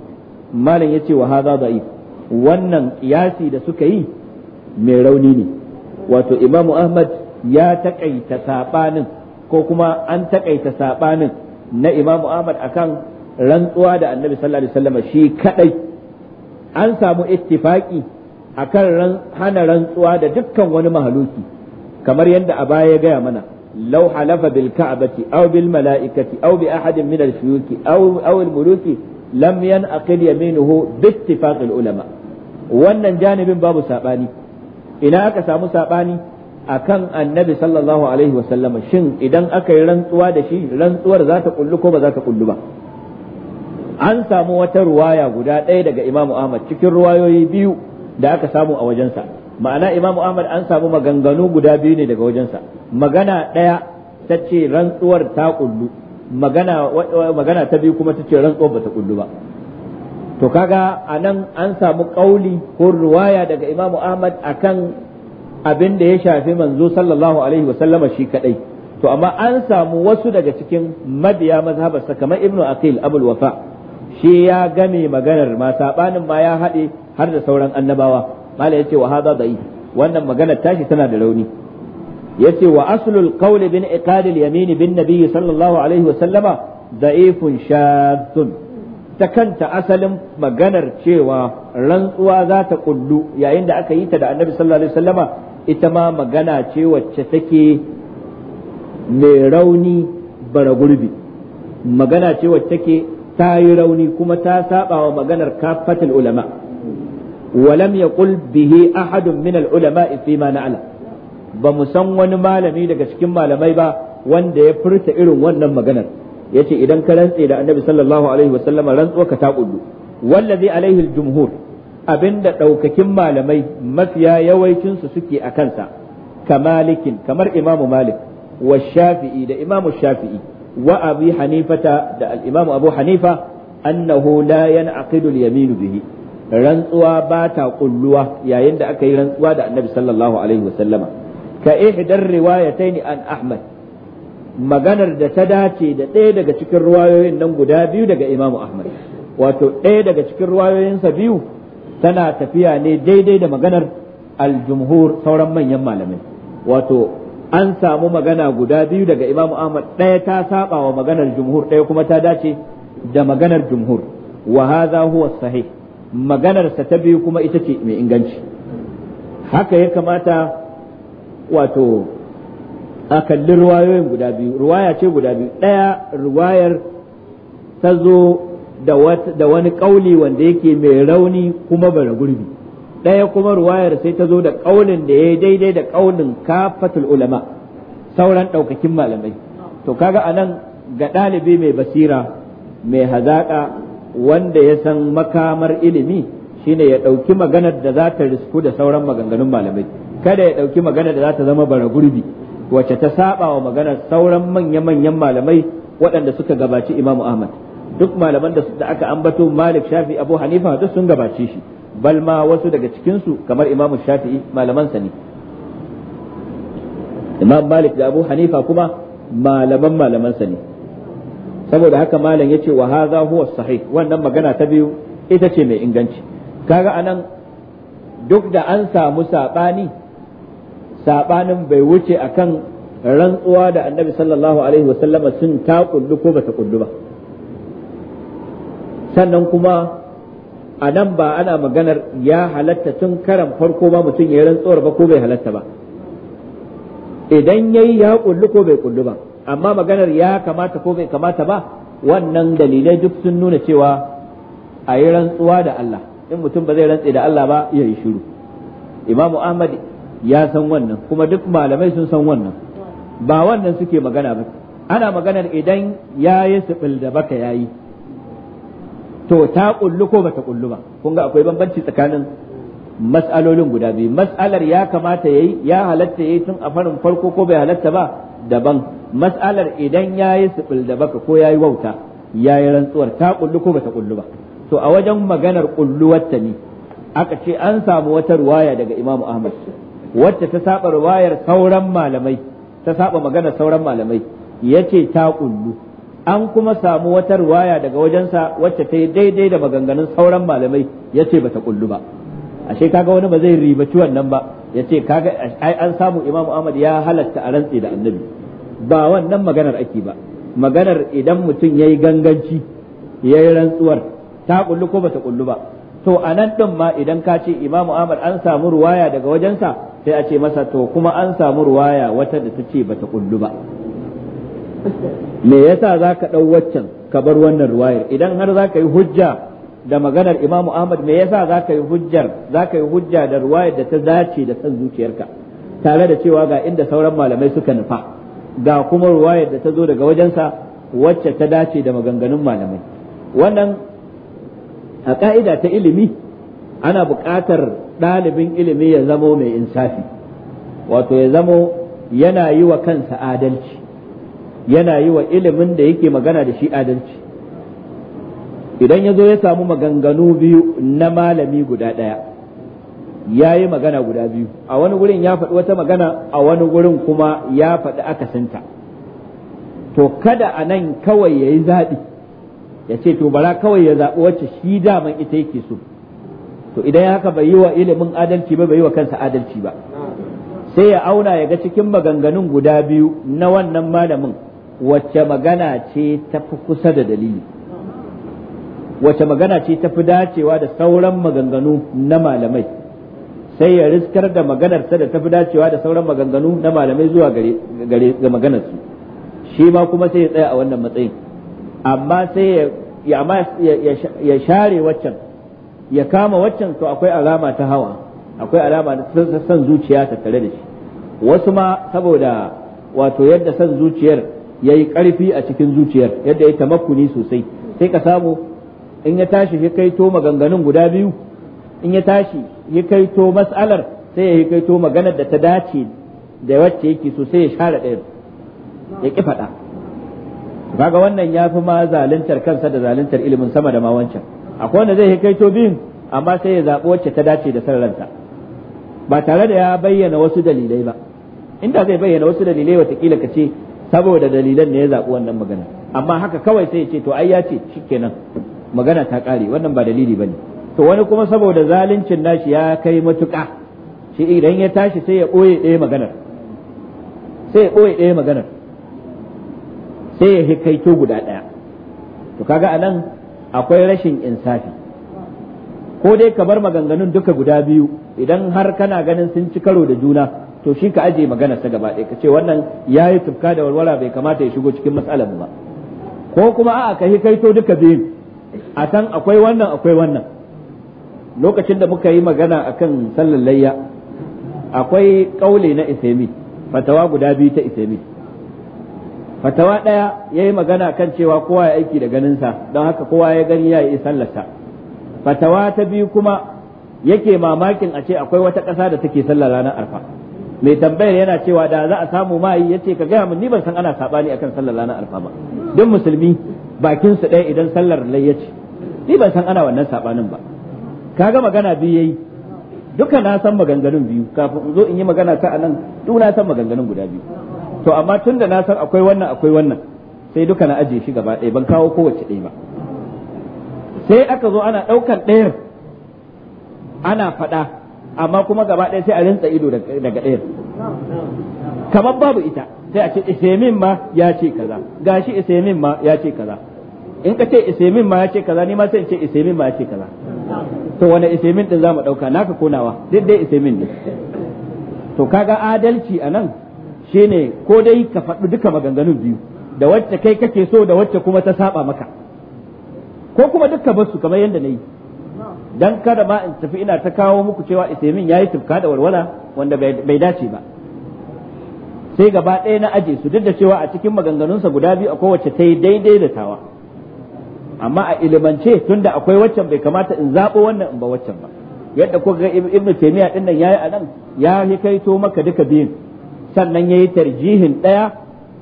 [SPEAKER 2] malam ya ce wa haza da'if wannan kiyasi da suka yi mai rauni ne wato imamu ahmad ya takaita sabanin ko kuma an takaita sabanin na imamu ahmad akan rantsuwa da annabi sallallahu alaihi wasallam shi kadai an samu ittifaki akan hana rantsuwa da dukkan wani mahaluki kamar yadda a baya ya gaya mana لو حلف بالكعبة أو بالملائكة أو بأحد من الشيوخ أو أو الملوك لم ينعقد يمينه باتفاق ulama wannan janibin babu saɓani ina aka samu sabani kan annabi sallallahu alaihi wasallama shin idan aka yi rantsuwa da shi rantsuwar za ta kullu ko ba za ta kullu ba an samu wata ruwaya guda ɗaya daga imamu ahmad cikin ruwayoyi biyu da aka samu a wajensa ma'ana imamu ahmad an samu maganganu guda biyu ne daga wajensa magana ɗaya ta ce rantsuwar ta kullu magana ta biyu kuma ta ce rantsuwar ba ta kullu ba to kaga nan an samu ƙauli ko ruwaya daga imamu ahmad kan abin da ya shafi manzo sallallahu alaihi wasallama shi kadai to amma an samu wasu daga cikin mabiya mazhabarsa kamar ibnu aqil abul wafa shi ya game maganar ma sabanin ma ya haɗe har da sauran annabawa mala yace wa hadha da'i wannan maganar tashi tana da rauni yace wa aslul qawli bin iqadil yamin bin nabiy sallallahu alaihi wasallama da'ifun shadun ta kanta asalin maganar cewa rantsuwa za ta kullu yayin da aka yi ta da annabi sallallahu alaihi wasallama ita ma magana ce wacce take mai rauni bara gurbi magana ce wacce take ta yi rauni kuma ta saba wa maganar kafatul ulama bihi ahadun min al ulama fi ma na'ala ba mu san wani malami daga cikin malamai ba wanda ya furta irin wannan maganar yace idan ka rantse da annabi sallallahu alaihi wasallam rantsuwa ka ta kullu wallazi alaihi aljumhur abinda daukakin malamai mafiya yawaicin su suke a kansa kamalikin kamar imamu malik wa shafi'i da imamu shafi'i wa abi hanifata da al-imamu abu hanifa annahu la yanqidu al-yamin bihi rantsuwa ba ta kulluwa yayin da aka yi rantsuwa da annabi sallallahu alaihi wasallama ka ihdar riwayataini an ahmad maganar da ta dace da ɗaya daga cikin ruwayoyin nan guda biyu daga Imam Ahmad wato ɗaya daga cikin ruwayoyinsa biyu tana tafiya ne daidai da maganar Aljumhur sauran manyan malamai wato an samu magana guda biyu daga Imam Ahmad ɗaya ta saba wa maganar jumhur ɗaya kuma ta dace da maganar jumhur wa haza huwa sahih maganar sa ta biyu kuma ita ce mai inganci haka ya kamata wato a kallin ruwayoyin guda biyu ruwaya ce guda biyu ɗaya ruwayar ta zo da wani ƙauli wanda yake mai rauni kuma bara gurbi ɗaya kuma ruwayar sai ta zo da ƙaunin da ya daidai da ƙaunin kafatul ulama sauran ɗaukakin malamai to kaga a nan ga ɗalibi mai basira mai hazaƙa wanda ya san makamar ilimi shine ya ɗauki maganar da za ta risku da sauran maganganun malamai kada ya ɗauki maganar da za ta zama bara gurbi wacce ta saba wa maganar sauran manya-manyan malamai waɗanda suka gabaci Imam Ahmad duk malaman da aka ambato Malik Shafi Abu Hanifa duk sun gabace shi bal ma wasu daga cikin su kamar Imam Shafi'i malaman sa ne Imam Malik da Abu Hanifa kuma malaman malaman sa ne saboda haka malam yace wa hadha huwa sahih wannan magana ta biyu ita ce mai inganci kaga anan duk da an samu sabani sabanin bai wuce akan rantsuwa da annabi sallallahu alaihi wasallama sun ta ko bata kullu ba sannan kuma a nan ba ana maganar ya halatta tun karan farko ba mutum ya rantsuwar ba ko bai halatta ba idan ya yi ya kullu ko bai kullu ba amma maganar ya kamata ko bai kamata ba wannan dalilai duk sun nuna cewa a yi rantsuwa da Allah in mutum ba zai rantse da Allah ba ya yi shiru imamu ahmad ya san wannan kuma duk malamai sun san wannan ba wannan suke magana ba ana maganar idan ya yi sibil da baka ya yi to ta kullu ko bata kullu ba kun ga akwai bambanci tsakanin mas'alolin guda biyu mas'alar ya kamata yayi ya halatta yayi tun a farin farko ko bai halatta ba daban mas'alar idan ya yi sibil da baka ko ya yi wauta ya yi rantsuwar ta kullu ko bata kullu ba to a wajen maganar kulluwar ta ne aka ce an samu wata ruwaya daga imamu ahmad wacce ta saba ruwayar sauran malamai ta saba magana sauran malamai yace ta kullu an kuma samu wata ruwaya daga wajensa wacce ta yi daidai da maganganun sauran malamai yace bata kullu ba ashe kaga wani ba zai riba ribaci wannan ba yace kaga ai an samu Imam Ahmad ya halatta a rantsi da Annabi ba wannan maganar ake ba maganar idan mutum yayi ganganci yayi rantsuwar ta kullu ko bata kullu ba to a nan ɗin ma idan ka ce imamu ahmad an samu ruwaya daga wajensa sai a ce masa to kuma an samu ruwaya wata da ta ce bata kullu ba me yasa za ka ɗau waccan ka bar wannan ruwayar idan har za ka yi hujja da maganar imamu ahmad me yasa za ka yi hujjar za ka yi hujja da ruwayar da ta dace da san zuciyarka tare da cewa ga inda sauran malamai suka nufa ga kuma ruwayar da ta zo daga wajensa wacce ta dace da maganganun malamai wannan a ka'ida ta ilimi ana buƙatar ɗalibin ilimi ya zamo mai insafi wato ya zamo yana yi wa kansa adalci yana yi wa ilimin da yake magana da shi adalci idan ya zo ya samu maganganu biyu na malami guda ɗaya ya yi magana guda biyu a wani wurin ya faɗi wata magana a wani wurin kuma ya faɗi akasinta to kada a nan kawai ya yi zaɓi ya ce to bara kawai ya zaɓi wacce shi daman ita yake so to idan haka bai yi wa ilimin adalci ba bai yi wa kansa adalci ba sai ya auna ya ga cikin maganganun guda biyu na wannan malamin wacce magana ce ta fi kusa da dalili wacce magana ce ta fi dacewa da sauran maganganu na malamai sai ya riskar da maganarsa da ta fi dacewa da sauran maganganu na malamai zuwa gare ga maganarsu shi ma kuma sai ya tsaya a wannan matsayin amma sai ya ya share waccan ya kama waccan to akwai alama ta hawa akwai alama ta san zuciya ta tare da shi wasu ma saboda wato yadda san zuciyar ya yi ƙarfi a cikin zuciyar yadda ya tamakuni sosai sai ka samu in ya tashi ya kaito maganganun guda biyu in ya tashi ya kaito mas'alar sai ya kaito maganar da ta dace da wacce yake so sai ya share ɗaya ya ƙi faɗa kaga wannan ya fi ma zaluntar kansa da zaluntar ilimin sama da ma wancan akwai wanda zai to biyun amma sai ya zaɓi wacce ta dace da sararanta ba tare da ya bayyana wasu dalilai ba inda zai bayyana wasu dalilai watakila ka ce saboda dalilan ne ya zaɓi wannan magana amma haka kawai sai ya ce to ai ya ce shikenan magana ta ƙare wannan ba dalili ba ne to wani kuma saboda zaluncin nashi ya kai matuƙa shi idan ya tashi sai ya ɓoye ɗaya maganar sai ya ɓoye ɗaya maganar sai ya hikaito guda ɗaya to kaga anan akwai rashin insafi ko dai ka bar maganganun duka guda biyu idan har kana ganin sun ci karo da juna to shi ka ajiye magana sa gaba ɗaya ka ce wannan ya yi tufka da walwala bai kamata ya shigo cikin matsalar ba ko kuma a'a ka hikaito duka biyun a san akwai wannan akwai wannan lokacin da muka yi magana akan sallar layya akwai kaule na isemi fatawa guda biyu ta isemi fatawa ɗaya ya yi magana kan cewa kowa ya aiki da ganinsa don haka kowa ya gani ya yi sallarsa fatawa ta biyu kuma yake mamakin a ce akwai wata ƙasa da take sallar ranar arfa mai tambayar yana cewa da za a samu mayi ya ce ka gaya min ni ban san ana saɓani akan sallar ranar arfa ba duk musulmi bakin su ɗaya idan sallar ya ce ni ban san ana wannan saɓanin ba ka ga magana biyu yayi duka na san maganganun biyu kafin in zo in yi magana ta anan duk na san maganganun guda biyu to amma tun da na san akwai wannan akwai wannan sai duka na ajiye shi gaba ɗaya ban kawo kowace ɗaya ba sai aka zo ana ɗaukan ɗayar ana faɗa amma kuma gaba ɗaya sai a rinsa ido daga ɗayar kamar babu ita sai a ce isemin ma ya ce kaza gashi isemin ma ya ce kaza in ka ce isemin ma ya ce kaza ni ma sai in ce isemin ma ya ce kaza to wani isemin din zamu dauka naka konawa duk dai isemin ne to kaga adalci anan shine ko dai ka faɗi duka maganganun biyu da wacce kai kake so da wacce kuma ta saba maka ko kuma duka basu kamar yadda na yi dan kada ma in tafi ina ta kawo muku cewa isaimin yi tufka da walwala wanda bai dace ba sai gaba ɗaya na aje su duk da cewa a cikin maganganunsa guda biyu akwai wacce ta yi daidai da tawa amma a ilimance tunda akwai waccan bai kamata in zaɓo wannan in ba waccan ba yadda kuka ga ibnu taymiya din nan yayi anan ya hikaito maka duka biyun sannan ya yi tarjihin ɗaya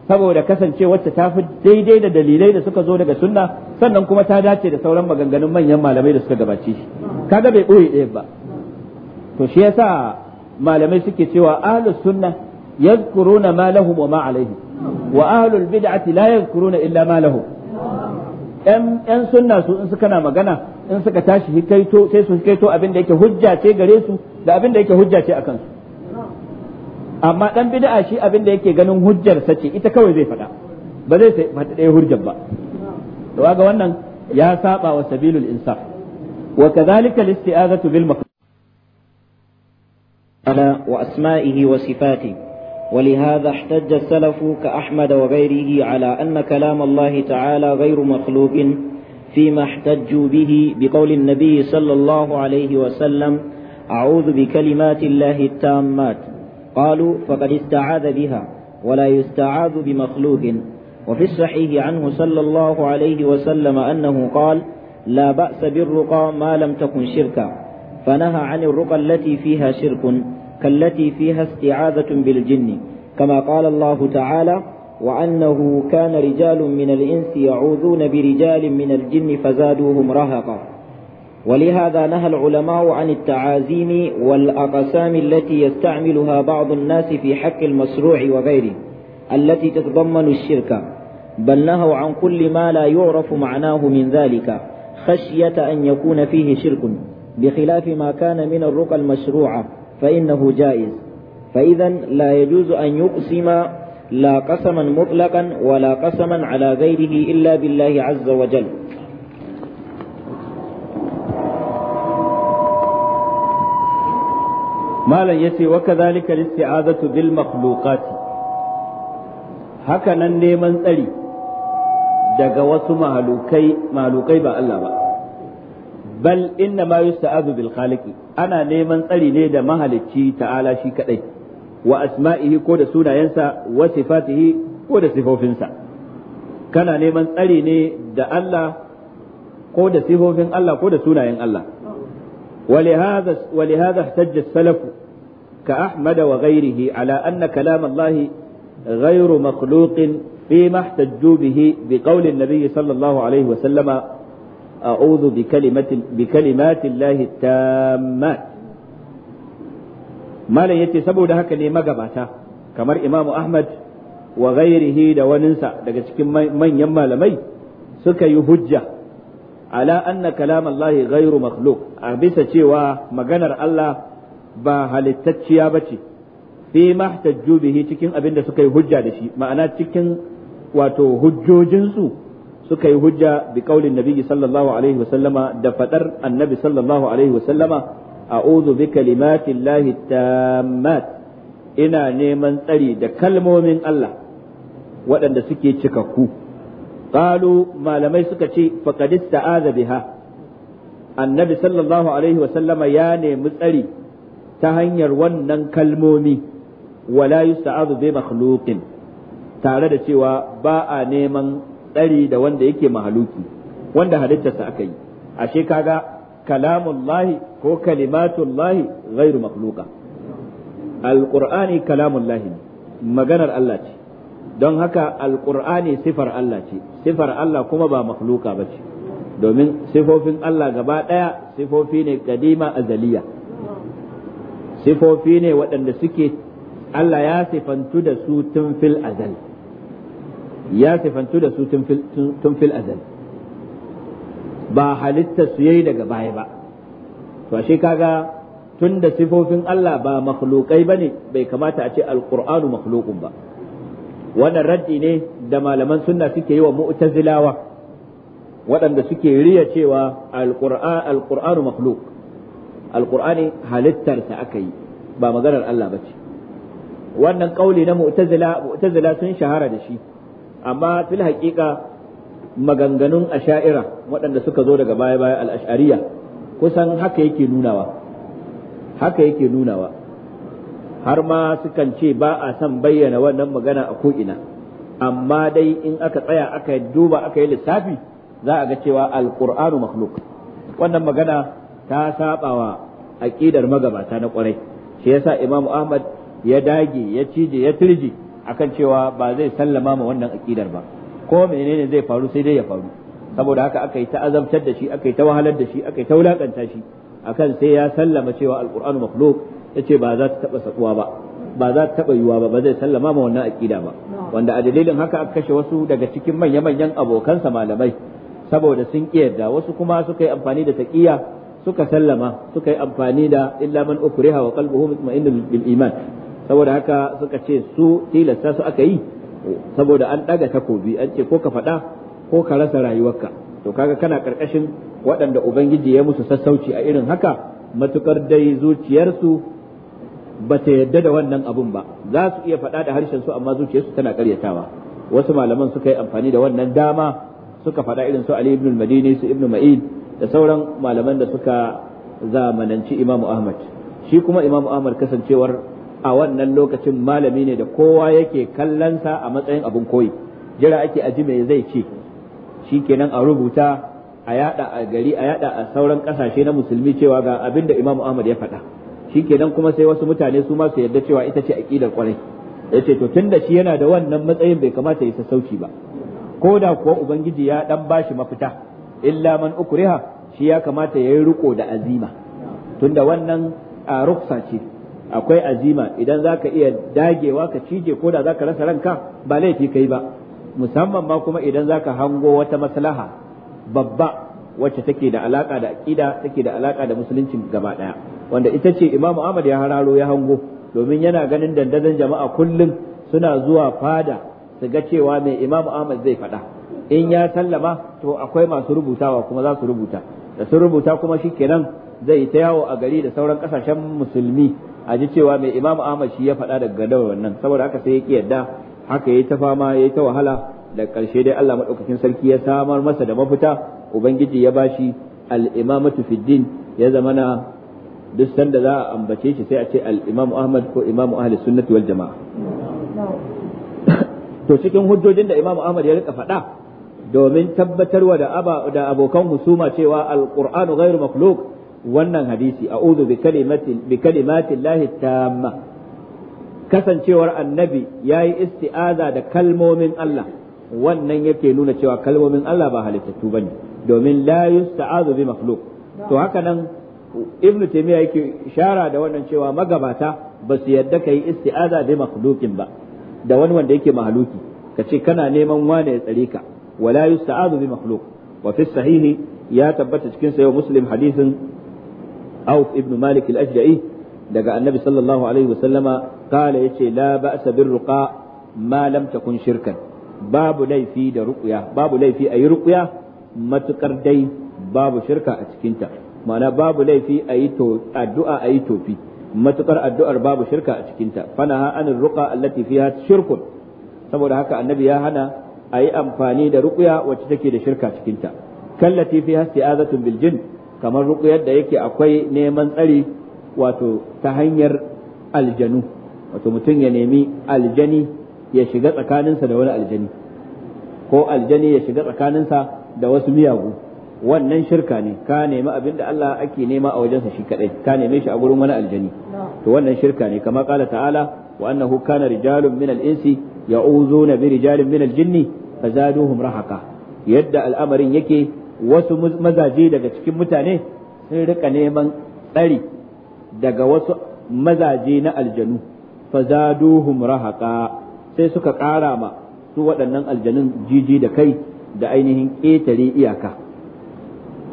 [SPEAKER 2] saboda kasance wacce ta fi daidai da dalilai da suka zo daga sunna sannan kuma ta dace da sauran maganganun manyan malamai da suka gabaci shi kaga bai ɓoye ɗaya ba to shi yasa malamai suke cewa ahlus sunna yadhkuruna ma lahum wa ma alaihim wa ahlul bid'ati la yadhkuruna illa ma lahum yan sunna su in suka na magana in suka tashi hikaito sai su hikaito abin da yake hujja ce gare su da abin da yake hujja ce akan su amma dan bid'a shi abin da yake ganin hujjar sace ita kawai zai faɗa ba zai sai faɗi ɗaya hujjar ba to ga wannan ya saba wa sabilul insaf wa
[SPEAKER 1] kadhalika al-isti'azatu bil wa wa wa asma'ihi sifatihi على وأسمائه وصفاته ولهذا احتج السلف كأحمد وغيره على أن كلام الله تعالى غير مخلوق فيما احتجوا به بقول النبي صلى الله عليه وسلم أعوذ بكلمات الله التامات قالوا فقد استعاذ بها ولا يستعاذ بمخلوق وفي الصحيح عنه صلى الله عليه وسلم أنه قال لا بأس بالرقى ما لم تكن شركا فنهى عن الرقى التي فيها شرك كالتي فيها استعاذة بالجن كما قال الله تعالى وأنه كان رجال من الإنس يعوذون برجال من الجن فزادوهم رهقا ولهذا نهى العلماء عن التعازيم والأقسام التي يستعملها بعض الناس في حق المشروع وغيره التي تتضمن الشرك بل نهوا عن كل ما لا يعرف معناه من ذلك خشية أن يكون فيه شرك بخلاف ما كان من الرقى المشروعة فإنه جائز فإذا لا يجوز أن يقسم لا قسما مطلقا ولا قسما على غيره إلا بالله عز وجل malam ce wa kadhalika listi'azatu
[SPEAKER 2] bil makhluqat haka nan neman tsari daga wasu mahalukai ba Allah ba bal inna ma yusta'azu bil khaliqi ana neman tsari ne da mahalicci ta'ala shi kadai wa asma'ihi ko da sunayensa wa sifatihi ko da sifofinsa kana neman tsari ne da Allah ko da sifofin Allah ko da sunayen Allah ولهذا ولهذا احتج السلف كأحمد وغيره على أن كلام الله غير مخلوق فيما احتجوا به بقول النبي صلى الله عليه وسلم أعوذ بكلمة بكلمات الله التامات ما لن يتسبوا لهك نيمة قباتا كمر إمام أحمد وغيره دوننسى لكسك من يما لمي سك يهجة على أن كلام الله غير مخلوق أبس شيوا مجنر الله ba halittacciya ba ce fi mahtajju bihi cikin abin da suka yi hujja da shi ma'ana cikin wato hujjojinsu suka yi hujja bi kaulin nabi sallallahu alaihi wasallama da fadar annabi sallallahu alaihi wasallama a'udhu bi kalimati llahi tammat ina neman tsari da kalmomin Allah waɗanda suke cikakku qalu malamai suka ce faqad ista'aza biha annabi sallallahu alaihi wasallama ya nemi tsari ta hanyar wannan kalmomi wala yusta'adu bi makhluqin tare da cewa ba a neman tsari da wanda yake mahaluki wanda halittarsa aka yi ashe kaga kalamullahi ko kalimatullahi ghairu makhluqa alqur'ani kalamullahi maganar Allah ce don haka alqur'ani sifar Allah ce sifar Allah kuma ba makhluqa bace domin sifofin Allah gaba ɗaya, sifofi ne kadima azaliya sifofi ne waɗanda suke Allah ya sifantu da su tun fil azal ya sifantu da su tun fil azal ba halitta su yayi daga baya ba to shi kaga tun da sifofin Allah ba makhlukai bane bai kamata a ce alqur'anu makhluqun ba wannan raddi ne da malaman sunna suke yi wa mu'tazilawa waɗanda suke riya cewa alqur'anu makhluq alqur'ani halittarsa aka yi ba maganar Allah ba ce wannan kauli na mu'tazila mu'tazila sun shahara da shi amma fil haqiqa maganganun asha'ira waɗanda suka zo daga baya baya al kusan haka yake nunawa haka yake nunawa har ma sukan ce ba a son bayyana wannan magana a ko'ina amma dai in aka tsaya aka duba aka yi lissafi za a ga cewa alkur'anu makhluk wannan magana ta sabawa aqidar magabata na kwarai shi yasa imamu ahmad ya dage ya cije ya turji akan cewa ba zai sallama ma wannan aqidar ba ko menene zai faru sai dai ya faru saboda haka aka yi ta azabtar da shi aka yi ta wahalar da shi aka yi ta wulakanta shi akan sai ya sallama cewa alqur'anu makhluq yace ba za ta taba ba ba za ta taba yiwuwa ba ba zai sallama ma wannan aqida ba wanda a dalilin haka aka kashe wasu daga cikin manya-manyan abokansa malamai saboda sun ƙi yarda wasu kuma suka yi amfani da taqiya suka sallama suka yi amfani da illa man ukriha wa qalbuhu mutma'innun bil iman saboda haka suka ce su tilasta su aka yi saboda an daga takobi an ce ko ka faɗa ko ka rasa rayuwarka to kaga kana karkashin waɗanda ubangiji ya musu sassauci a irin haka matukar dai zuciyarsu ba ta yadda da wannan abun ba za su iya faɗa da harshen su amma zuciyarsu tana karyatawa wasu malaman suka yi amfani da wannan dama suka faɗa irin su Ali ibn al-Madini su Ibn Ma'id da sauran malaman da suka zamananci Imam Ahmad shi kuma Imam Ahmad kasancewar a wannan lokacin malami ne da kowa yake sa a matsayin abin koyi jira ake aji me zai ce shi kenan a rubuta a yada a gari a yada a sauran kasashe na musulmi cewa ga abin da Imam Ahmad ya faɗa shi kenan kuma sai wasu mutane su ma su yarda cewa ita ce aqidar kwarai yace to tunda shi yana da wannan matsayin bai kamata ya sassauci ba ko da kuwa ubangiji ya dan bashi mafita illa man ukriha shi ya kamata ya yi riko da azima tunda wannan a ruksa ce akwai azima idan zaka iya dagewa ka cije ko da zaka rasa ranka ba laifi kai ba musamman ma kuma idan zaka hango wata maslaha babba wacce take da alaka da aqida take da alaka da musulunci gaba daya wanda ita ce imamu ahmad ya hararo ya hango domin yana ganin dandazon jama'a kullum suna zuwa fada su ga cewa mai Imam Ahmad zai faɗa in ya sallama to akwai masu rubutawa kuma za su rubuta da sun rubuta kuma kenan zai ta yawo a gari da sauran kasashen musulmi a ji cewa mai Imam Ahmad shi ya faɗa daga gadawar wannan saboda haka sai ya ki yadda haka yayi ta fama yayi ta wahala da karshe dai Allah madaukakin sarki ya samar masa da mafita ubangiji ya bashi al-imamatu fid din ya zamana duk sanda za a ambace shi sai a ce al imam Ahmad ko imamu ahli sunnati wal jama'a to cikin hujjojin da Imam Ahmad ya rika faɗa domin tabbatarwa da da abokan husuma cewa alqur'anu ghairu makhluq wannan hadisi a'udhu bi kalimatin bi lahi tamma kasancewar annabi yayi isti'aza da kalmomin Allah wannan yake nuna cewa kalmomin Allah ba halittattu ne domin la yusta'azu bi makhluq to haka nan ibnu taymiya yake shara da wannan cewa magabata ba su yadda kai isti'aza da makhluqin ba da wani wanda yake mahaluki ka ce kana neman wane ya tsare ka wala yusta'adu bi makhluq wa fi sahihi ya tabbata cikin yau muslim hadisin auf ibn malik al-ajda'i daga annabi sallallahu alaihi wa sallama kala yace la ba'sa bir ruqa ma lam takun shirkan babu laifi da ruqya babu laifi ayi ruqya matukar dai babu shirka a cikinta ma'ana babu laifi ayi to addu'a ayi tofi matukar addu'ar babu shirka a cikinta fanaha anir ruqa allati fiha shirkun saboda haka annabi ya hana a yi amfani da ruqya wacce take da shirka cikinta kallati fiha isti'azatun bil jin kamar ruqyar da yake akwai neman tsari wato ta hanyar aljanu wato mutum ya nemi aljani ya shiga tsakaninsa da wani aljani ko aljani ya shiga tsakaninsa da wasu miyagu wannan shirka ne ka nemi abin da Allah ake nema a wajensa shi kadai ka neme shi a gurin wani aljani to wannan shirka ne kama kala ta'ala wa annahu kana rijalun min al-insi ya'uzuna bi rijalin min al-jinni fazaduhum rahaqa yadda al'amarin yake wasu mazaje daga cikin mutane sun rika neman tsari daga wasu mazaje na aljanu fazaduhum rahaqa sai suka kara ma su waɗannan aljanun jiji da kai da ainihin ƙetare iyaka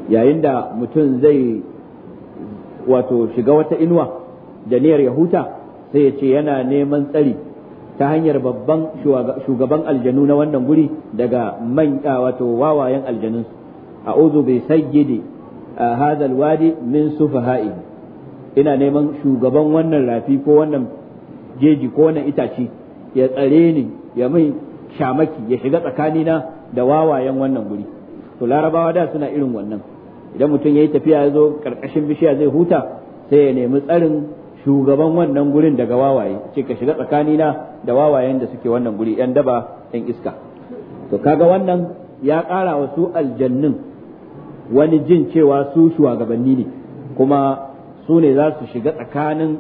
[SPEAKER 2] yayin da mutum zai wato shiga wata inuwa da niyyar ya huta sai ya ce yana neman tsari ta hanyar babban shugaban aljanu na wannan guri daga man wato wawayen aljanun uzu bai sayyidi hazal wadi min sufaha'i ina neman shugaban wannan rafi ko wannan jeji ko wannan itaci ya tsare ni ya mai shamaki ya shiga tsakanina da wawayen wannan guri to larabawa da suna irin wannan idan mutum ya yi tafiya ya zo karkashin bishiya zai huta sai ya nemi tsarin shugaban wannan gurin daga wawaye ce ka shiga tsakanina da wawayen da suke wannan guri yan daba yan iska to kaga wannan ya ƙara wa su aljannin wani jin cewa su shugabanni ne kuma su ne za su shiga tsakanin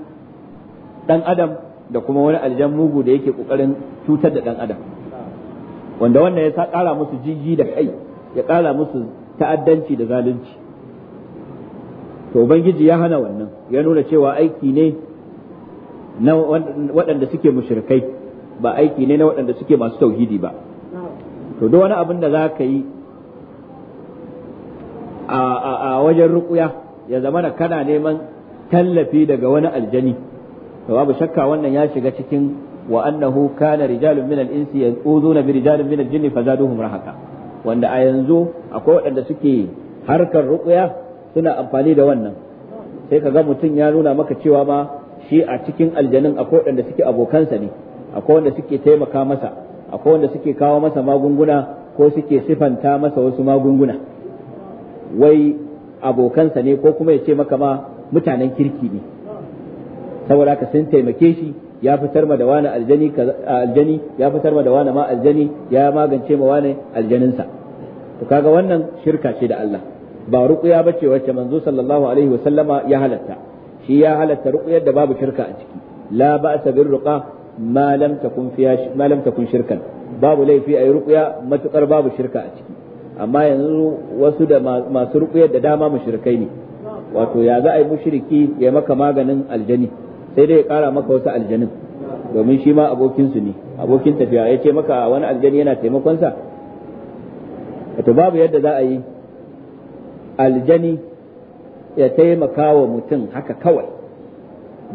[SPEAKER 2] ɗan adam da kuma wani aljan mugu da yake kokarin cutar da ɗan adam wanda wannan ya ƙara musu jiji da kai ya kara musu ta'addanci da zalunci to ubangiji ya hana wannan ya nuna cewa aiki ne na waɗanda suke mushrikai ba aiki ne na waɗanda suke masu tauhidi ba to duk wani abin da za ka yi a wajen rukuya ya zama na kana neman tallafi daga wani aljani to babu shakka wannan ya shiga cikin wa annahu kana rijalun min al-insi yuzuna bi rijalin min al-jinni fazaduhum rahaqa wanda a yanzu akwai waɗanda suke harkar ruqya suna amfani da wannan sai ka ga mutum ya nuna maka cewa ma shi a cikin aljanin akwai wanda suke abokansa ne akwai wanda suke taimaka masa akwai wanda suke kawo masa magunguna ko suke sifanta masa wasu magunguna wai abokansa ne ko kuma ya ce maka ma mutanen kirki ne saboda haka sun taimake shi ya fitar ma da wani aljani aljani ya fitar ma da wani ma aljani ya magance ma wani aljaninsa to kaga wannan shirka ce da Allah ba ruqya ce wacce manzo sallallahu alaihi wa sallama ya halatta shi ya halatta ruqyar da babu shirka a ciki la ba'sa bir ruqa ma lam takun fiya ma lam takun shirkan babu laifi ayi ruqya matukar babu shirka a ciki amma yanzu wasu da masu ruqyar da dama mushrikai ne wato ya za a yi mushriki ya maka maganin aljani sai dai ya kara maka wasu aljanin domin shi ma abokin su ne abokin tafiya ya ce maka wani aljani yana taimakon sa wato babu yadda za a yi aljani ya taimaka wa mutum haka kawai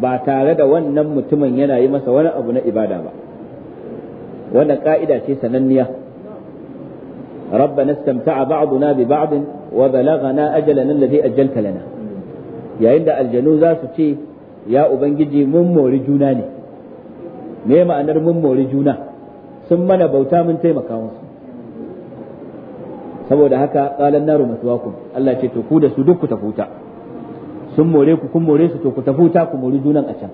[SPEAKER 2] ba tare da wannan mutumin yana yi masa wani abu na ibada ba wannan ka'ida ce sananniya ربنا استمتع بعضنا ببعض وبلغنا أجلنا Yayin da Aljanu za su ce ya Ubangiji mun mori juna ne, me ma'anar mun mori juna sun mana bauta mun taimaka musu saboda haka tsalan naru maswakum Allah ce to ku da su duk ku tafuta sun more ku kun more su to ku tafuta ku mori junan a can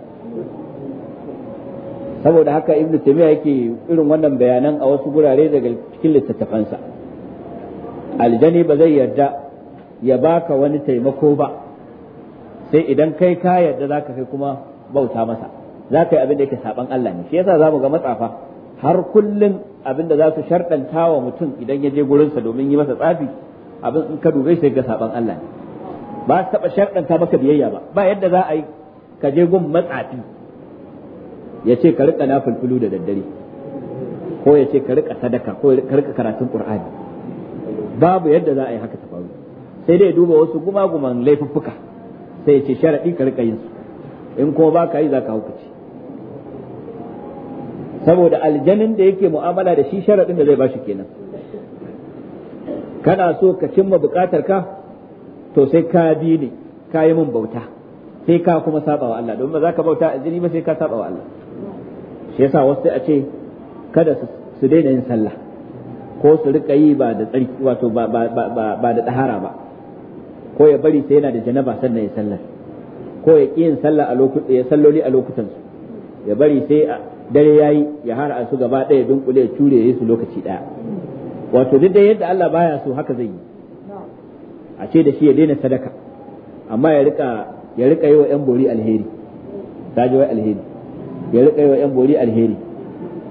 [SPEAKER 2] saboda haka ibn taymiya yake irin wannan bayanan a wasu gurare daga cikin littattafansa aljani ba zai yarda ya baka wani taimako ba sai idan kai ka yarda zaka kai kuma bauta masa zaka yi abin da yake saban Allah ne shi yasa zamu ga matsafa har kullum abin da za su sharɗanta wa mutum idan ya je gurinsa domin yi masa tsafi abin in ka dube shi ga saban Allah ne ba su taɓa sharɗanta maka biyayya ba ba yadda za a yi ka je gun matsafi ya ce ka riƙa nafulfulu da daddare ko ya ce ka riƙa sadaka ko ka riƙa karatun qur'ani babu yadda za a yi haka ta faru sai dai duba wasu gumaguman laifuffuka sai ya ce sharaɗi ka riƙa yin su in kuma ba ka yi za ka haukace saboda aljanin da yake mu'amala da shi sharaɗin da zai ba shi kenan kana so ka cimma buƙatar ka to sai ka bi ni ka yi min bauta sai ka kuma saba wa Allah domin ba za ka bauta aljini ba sai ka saba wa Allah shi yasa wasu sai a ce kada su daina yin sallah ko su rika yi ba da tsarki wato ba da tahara ba ko ya bari sai yana da janaba sannan ya sallar ko ya ƙi yin sallah a lokutan ya salloli a lokutan su ya bari sai dare ya yi ya hana su gaba ɗaya dunkule ya cure yi su lokaci ɗaya wato duk da yadda Allah baya so haka zai yi a ce da shi ya daina sadaka amma ya rika ya rika yi wa yan bori alheri ta ji wai alheri ya rika yi wa yan bori alheri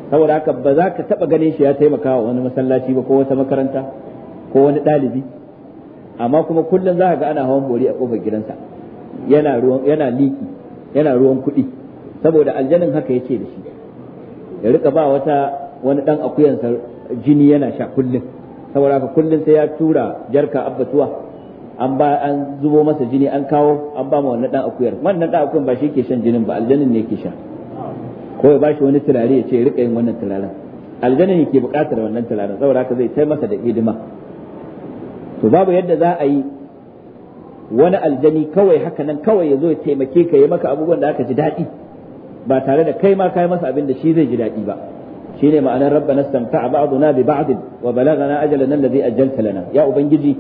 [SPEAKER 2] saboda haka ba za ka taba ganin shi ya taimaka wa wani masallaci ba ko wata makaranta ko wani ɗalibi amma kuma kullum za ka ga ana hawan bori a kofar gidansa yana ruwan yana liki yana ruwan kuɗi saboda aljanin haka yake da shi ya rika ba wata wani dan akuyansa jini yana sha kullum saboda ka kullum sai ya tura jarka abbatuwa an ba an zubo masa jini an kawo an ba ma wannan dan akuyar wannan dan akuyan ba shi ke shan jinin ba aljanin ne ke sha ko ya bashi wani turare ya ce rika yin wannan turaren aljanin ke buƙatar wannan turaren saboda haka zai taimaka da hidima to babu yadda za a yi wani aljani kawai haka nan kawai ya zo ya taimake ka yi maka abubuwan da aka ji daɗi ba tare da kai ma kai masa abin da shi zai ji daɗi ba shi ne ma'anar rabbana istamta'a ba'duna bi ba'd wa balagana ajalana alladhi ajjalta lana ya ubangiji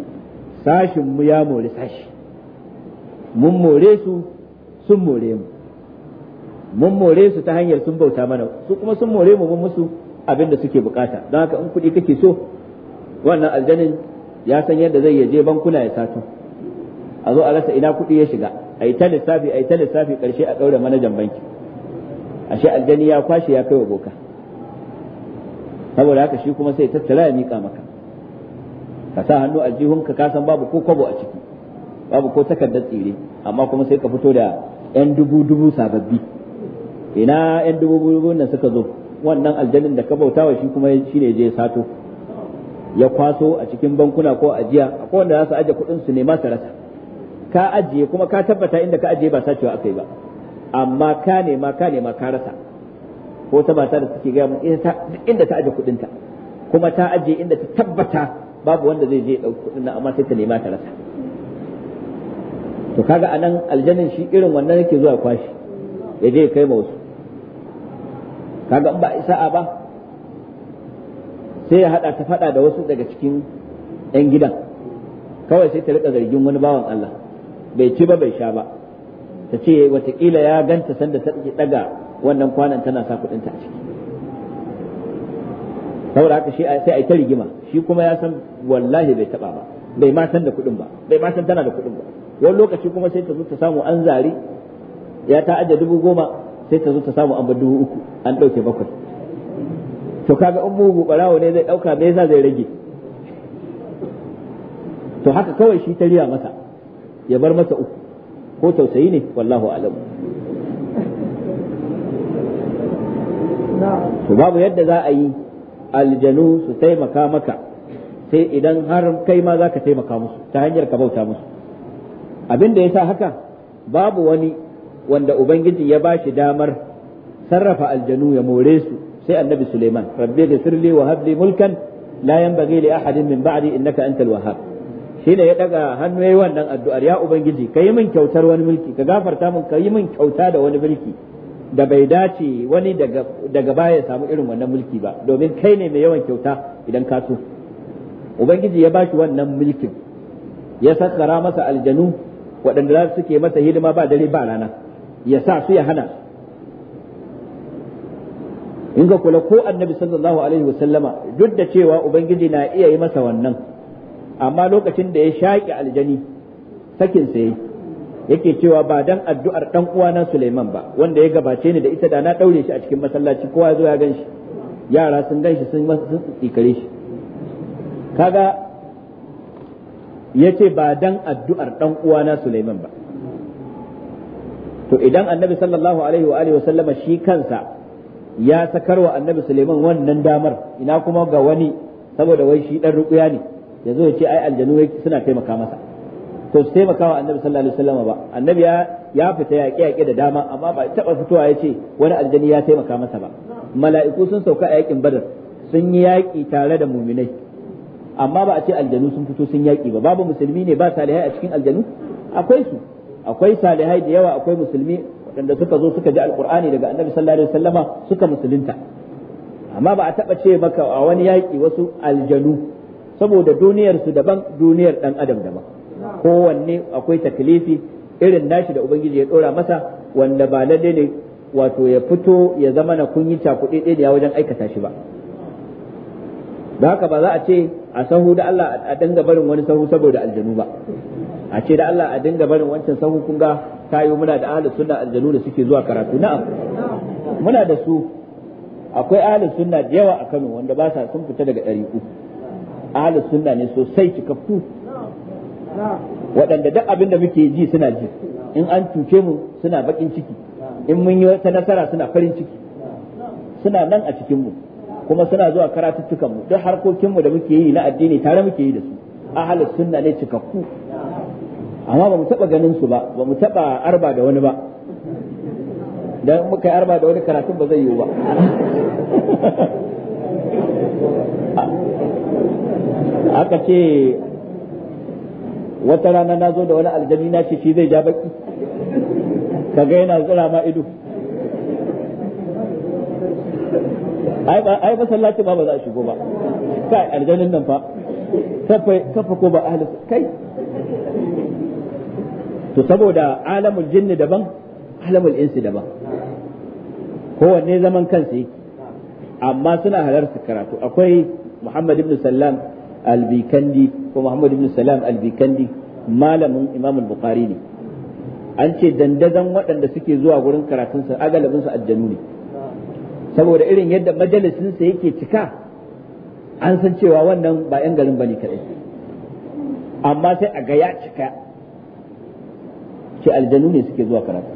[SPEAKER 2] sashin mu ya more sashi mun more su sun more mu mun more su ta hanyar sun bauta mana su kuma sun more mu mun musu abin da suke bukata don haka in kuɗi kake so wannan aljanin ya san yadda zai yaje bankuna ya sato a zo a rasa ina kuɗi ya shiga a yi ta lissafi a yi ta lissafi ƙarshe a ɗaure manajan banki ashe aljani ya kwashe ya kai wa boka saboda haka shi kuma sai tattara ya mika maka ka sa hannu a jihunka ka san babu ko kwabo a ciki babu ko takardar tsire amma kuma sai ka fito da yan dubu dubu sababbi ina yan dubu dubu nan suka zo wannan aljanin da ka bautawa shi kuma shi ne je sato ya kwaso a cikin bankuna ko ajiya a kowanne za su aje kuɗin su ne su rasa ka ajiye kuma ka tabbata inda ka ajiye ba sacewa akai ba amma ka nema ka nema ka rasa ko ta mata da take gaya mun eh, inda ta aje kudinta kuma ta aje inda ta tabbata babu wanda zai je ɗauki kudin amma sai ta nema ta rasa to kaga anan aljannin shi irin wannan yake zuwa kwashi ya je kai ma wasu kaga in ba a ba sai ya hada ta fada da wasu daga cikin yan gidan kawai sai ta rika zargin wani bawan Allah bai ci ba bai sha ba ta ce watakila ya ganta sanda ta daga wannan kwanan tana sa ta a ciki saboda haka shi sai a yi ta rigima shi kuma ya san wallahi bai taba ba bai ma san da kuɗin ba bai ma san tana da kuɗin ba wani lokaci kuma sai ta zo ta samu an zari ya ta ajiye dubu goma sai ta zo ta samu an bar dubu uku an ɗauke bakwai to kaga in mugu barawo ne zai ɗauka me yasa zai rage to haka kawai shi ta riya masa ya bar masa uku ko tausayi ne wallahu alam to babu yadda za a yi aljanu su taimaka maka sai idan har kai ma za ka taimaka musu ta hanyar ka bauta musu abin da ya sa haka babu wani wanda ubangiji ya ba shi damar sarrafa aljanu ya more su sai annabi suleiman rabbi da sirli wa habli mulkan la yanbaghi li ahadin min ba'di innaka antal wahhab ne ya daga hannu ya yi wannan addu'ar ya ubangiji ka yi min kyautar wani mulki ka gafarta min ka yi min kyauta da wani mulki da bai dace wani daga daga baya samu irin wannan mulki ba domin kai ne mai yawan kyauta idan ka so ubangiji ya bashi wannan mulkin ya sassara masa aljanu waɗanda za su ke masa hidima ba dare ba rana ya sa su ya hana in ga kula ko annabi sallallahu alaihi wasallama duk da cewa ubangiji na iya yi masa wannan amma lokacin da ya shaƙi aljani sakin sa yayi yake cewa ba dan addu'ar dan uwana Suleiman ba wanda ya gabace ni da ita da na daure shi a cikin masallaci kowa zo ya gan shi yara sun gan shi sun tsikare shi kaga yace ba dan addu'ar dan uwana Suleiman ba to idan annabi sallallahu alaihi wa alihi wa sallama shi kansa ya sakarwa annabi Suleiman wannan damar ina kuma ga wani saboda wai shi dan rukuya ne Ya zo ya ce ai aljanu suna taimaka masa to su taimaka wa annabi sallallahu alaihi wasallam ba annabi ya ya fita yaƙe yaƙe da dama amma ba taɓa fitowa ya ce wani aljani ya taimaka masa ba mala'iku sun sauka a yakin badar sun yi yaƙi tare da muminai amma ba a ce aljanu sun fito sun yaƙi ba babu musulmi ne ba salihai a cikin aljanu akwai su akwai salihai da yawa akwai musulmi waɗanda suka zo suka ji alqur'ani daga annabi sallallahu alaihi wasallama suka musulunta amma ba a taɓa ce maka a wani yaƙi wasu aljanu saboda duniyar su daban duniyar dan adam daban kowanne akwai taklifi irin nashi da ubangiji ya dora masa wanda ba lalle ne wato ya fito ya zama na kun yi cakuɗe ɗaya wajen aikata shi ba da haka ba za a ce a sahu da Allah a dinga barin wani sahu saboda aljanu ba a ce da Allah a dinga barin wancan sahu kun ga kayo muna da ahalin sunna aljanu da suke zuwa karatu na'am muna da su akwai ahlus sunna da yawa a Kano wanda ba sa sun fita daga uku. ahlus sunna ne sosai cikakku waɗanda duk abin da muke ji suna ji in an cuce mu suna bakin ciki in mun yi wata nasara suna farin ciki suna nan a cikin mu kuma suna zuwa karatuttukan mu duk harkokin mu da muke yi na addini tare muke yi da su ahlus sunna ne cikakku amma ba mu taba ganin su ba ba mu taba arba da wani ba dan muka arba da wani karatun ba zai yiwu ba aka ce wata rana na zo da wani aljani na ce shi zai ja baki kaga yana tsira ma ido ai masallaci ba ba za a shigo ba kai aljanin nan fa kafa ko ba ahli kai to saboda alamul jinni daban alamul insi daban kowanne zaman kansa amma suna halarta karatu akwai Muhammad ibn Sallam albikandi ko Muhammad ibn Salam albikandi malamin Imam al-Bukhari ne an ce dandazan waɗanda suke zuwa gurin karatun sa agalabin su aljanu ne saboda irin yadda majalisinsa sa yake cika an san cewa wannan ba yan garin bane kadai amma sai a ga ya cika ce aljanu ne suke zuwa karatu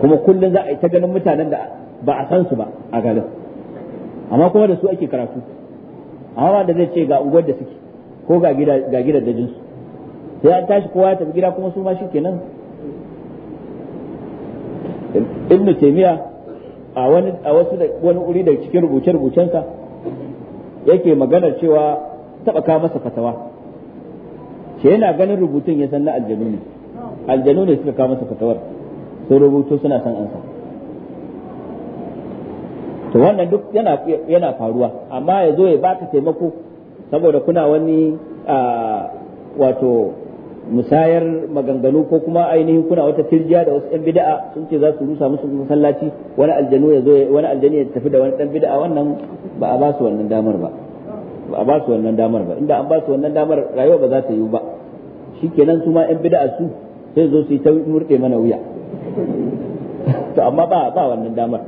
[SPEAKER 2] kuma kullum za a yi ta ganin mutanen da ba a san su ba a garin amma kuma da su ake karatu amma da zai ce ga unguwar da suke ko ga gida ga da jinsu sai an tashi kowa ya tafi gida kuma su ma shikenan ibn taymiya a wani a wasu da wani uri da cikin rubuce rubucensa yake magana cewa taba ka masa fatawa shi yana ganin rubutun ya san na aljanu ne aljanu ne suka kawo masa fatawar sun suna san ansa to wannan duk yana yana faruwa amma ya zo ya baka taimako saboda kuna wani wato musayar maganganu ko kuma ainihin kuna wata tirjiya da wasu ɗan bida'a sun ce za su rusa musu masallaci wani aljanu ya zo wani aljani ya tafi da wani ɗan bida'a wannan ba a ba su wannan damar ba ba a ba su wannan damar ba inda an ba su wannan damar rayuwa ba za ta yiwu ba shikenan su ma ɗan bida'a su sai zo su yi ta murɗe mana wuya to amma ba ba wannan damar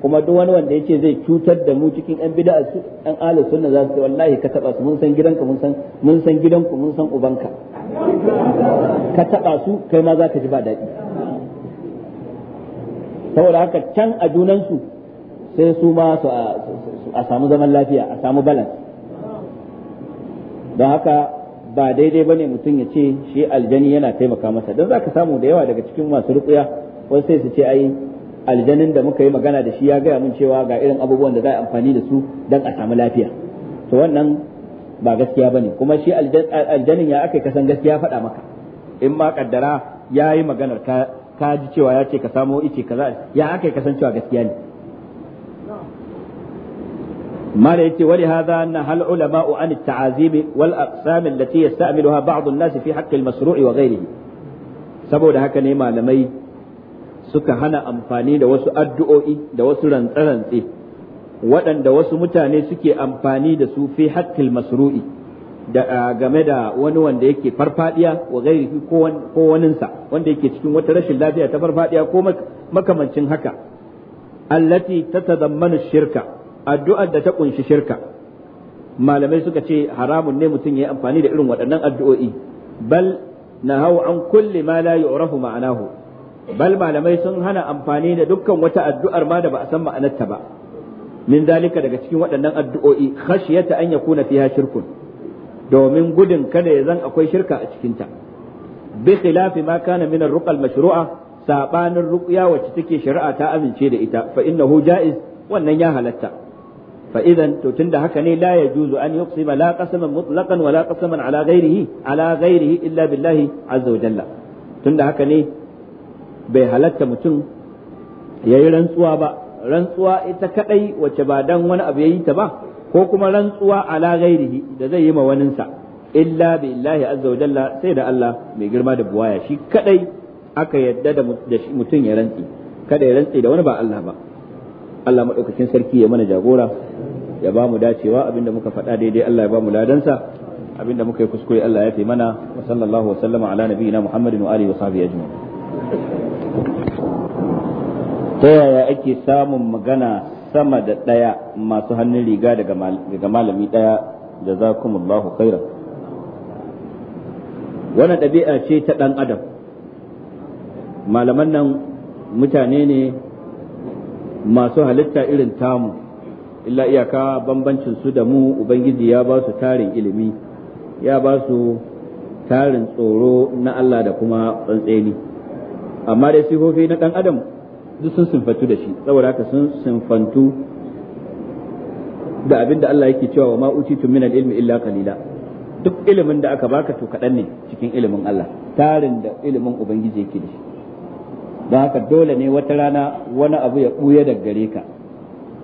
[SPEAKER 2] kuma duk wani wanda yace zai cutar da mu cikin yan bid'a su yan ahli sunna za su ce wallahi ka taba su mun san gidanka mun san mun san gidanku mun san ubanka ka taba su kai ma za ka ji ba daɗi saboda haka can a junansu sai su ma a samu zaman lafiya a samu balance don haka ba daidai ba ne mutum ya ce shi aljani yana taimaka masa don za ka samu da yawa daga cikin masu rukuya wasu sai su ce ai aljanin da muka yi magana da shi ya gaya mun cewa ga irin abubuwan da za a amfani da su don a samu lafiya to wannan ba gaskiya ba ne kuma shi aljanin ya aka kasan gaskiya faɗa maka in ma kaddara ya yi maganar ka ji cewa ya ce ka samo ice kaza ya aka kasan cewa gaskiya ne
[SPEAKER 3] hal
[SPEAKER 2] ما يأتي ولهذا نهى العلماء عن التعازيم والأقسام التي يستعملها بعض fi في حق المشروع وغيره سبو saboda haka ne malamai. suka hana amfani da wasu addu'o'i da wasu rantsarantse waɗanda wasu mutane suke amfani da su fi haƙƙil masru'i da game da wani wanda yake farfadiya wa gairihi ko waninsa wanda yake cikin wata rashin lafiya ta farfadiya ko makamancin haka allati ta tazammanu shirka addu'ar da ta kunshi shirka malamai suka ce haramun ne mutum ya yi amfani da irin waɗannan addu'o'i bal na hau an kulle ma la yu'rafu ma'anahu bal malamai sun hana amfani da dukkan wata addu'ar ma da ba a san ma'anarta ba min dalika daga cikin waɗannan addu'o'i khashiyata an yakuna fiha shirkun domin gudun kada ya zan akwai shirka a cikinta bi khilafi ma kana min ar-ruqa al-mashru'a sabanin ruqya wacce take shari'a ta amince da ita fa innahu ja'iz wannan ya halatta فإذا تتند هكني لا يجوز أن يقسم لا قسما مطلقا ولا قسما على غيره على غيره إلا بالله عز وجل تند هكني bai halatta mutum ya yi rantsuwa ba rantsuwa ita kadai wacce ba dan wani abu ya yi ta ba ko kuma rantsuwa ala ghairihi da zai yi ma waninsa illa billahi azza wa jalla sai da Allah mai girma da buwaya shi kadai aka yadda da mutum ya rantsi kada ya rantsi da wani ba Allah ba Allah madaukakin sarki ya mana jagora ya ba mu dacewa abinda muka faɗa daidai Allah ya ba mu ladansa abinda muka yi kuskure Allah ya taimana. mana wa sallallahu wa sallama ala nabiyina Muhammadin wa alihi wa sahbihi ajma'in ta yaya ake samun magana sama da ɗaya masu hannun riga daga malami ɗaya da za jazakumullahu khairan Wani ɗabi'a ce ta ɗan adam malaman nan mutane ne masu halitta irin tamu illa iyaka bambancin su da mu ubangiji ya ba su tarin ilimi ya ba su tarin tsoro na Allah da kuma tsantseni amma dai sifofi na ɗan adam duk sun sinfantu da shi saboda haka sun sinfantu da abin da Allah yake cewa wa ma utitu min al-ilmi illa qalila duk ilimin da aka baka to kadan ne cikin ilimin Allah tarin da ilimin ubangiji yake da shi don haka dole ne wata rana wani abu ya buya da gare ka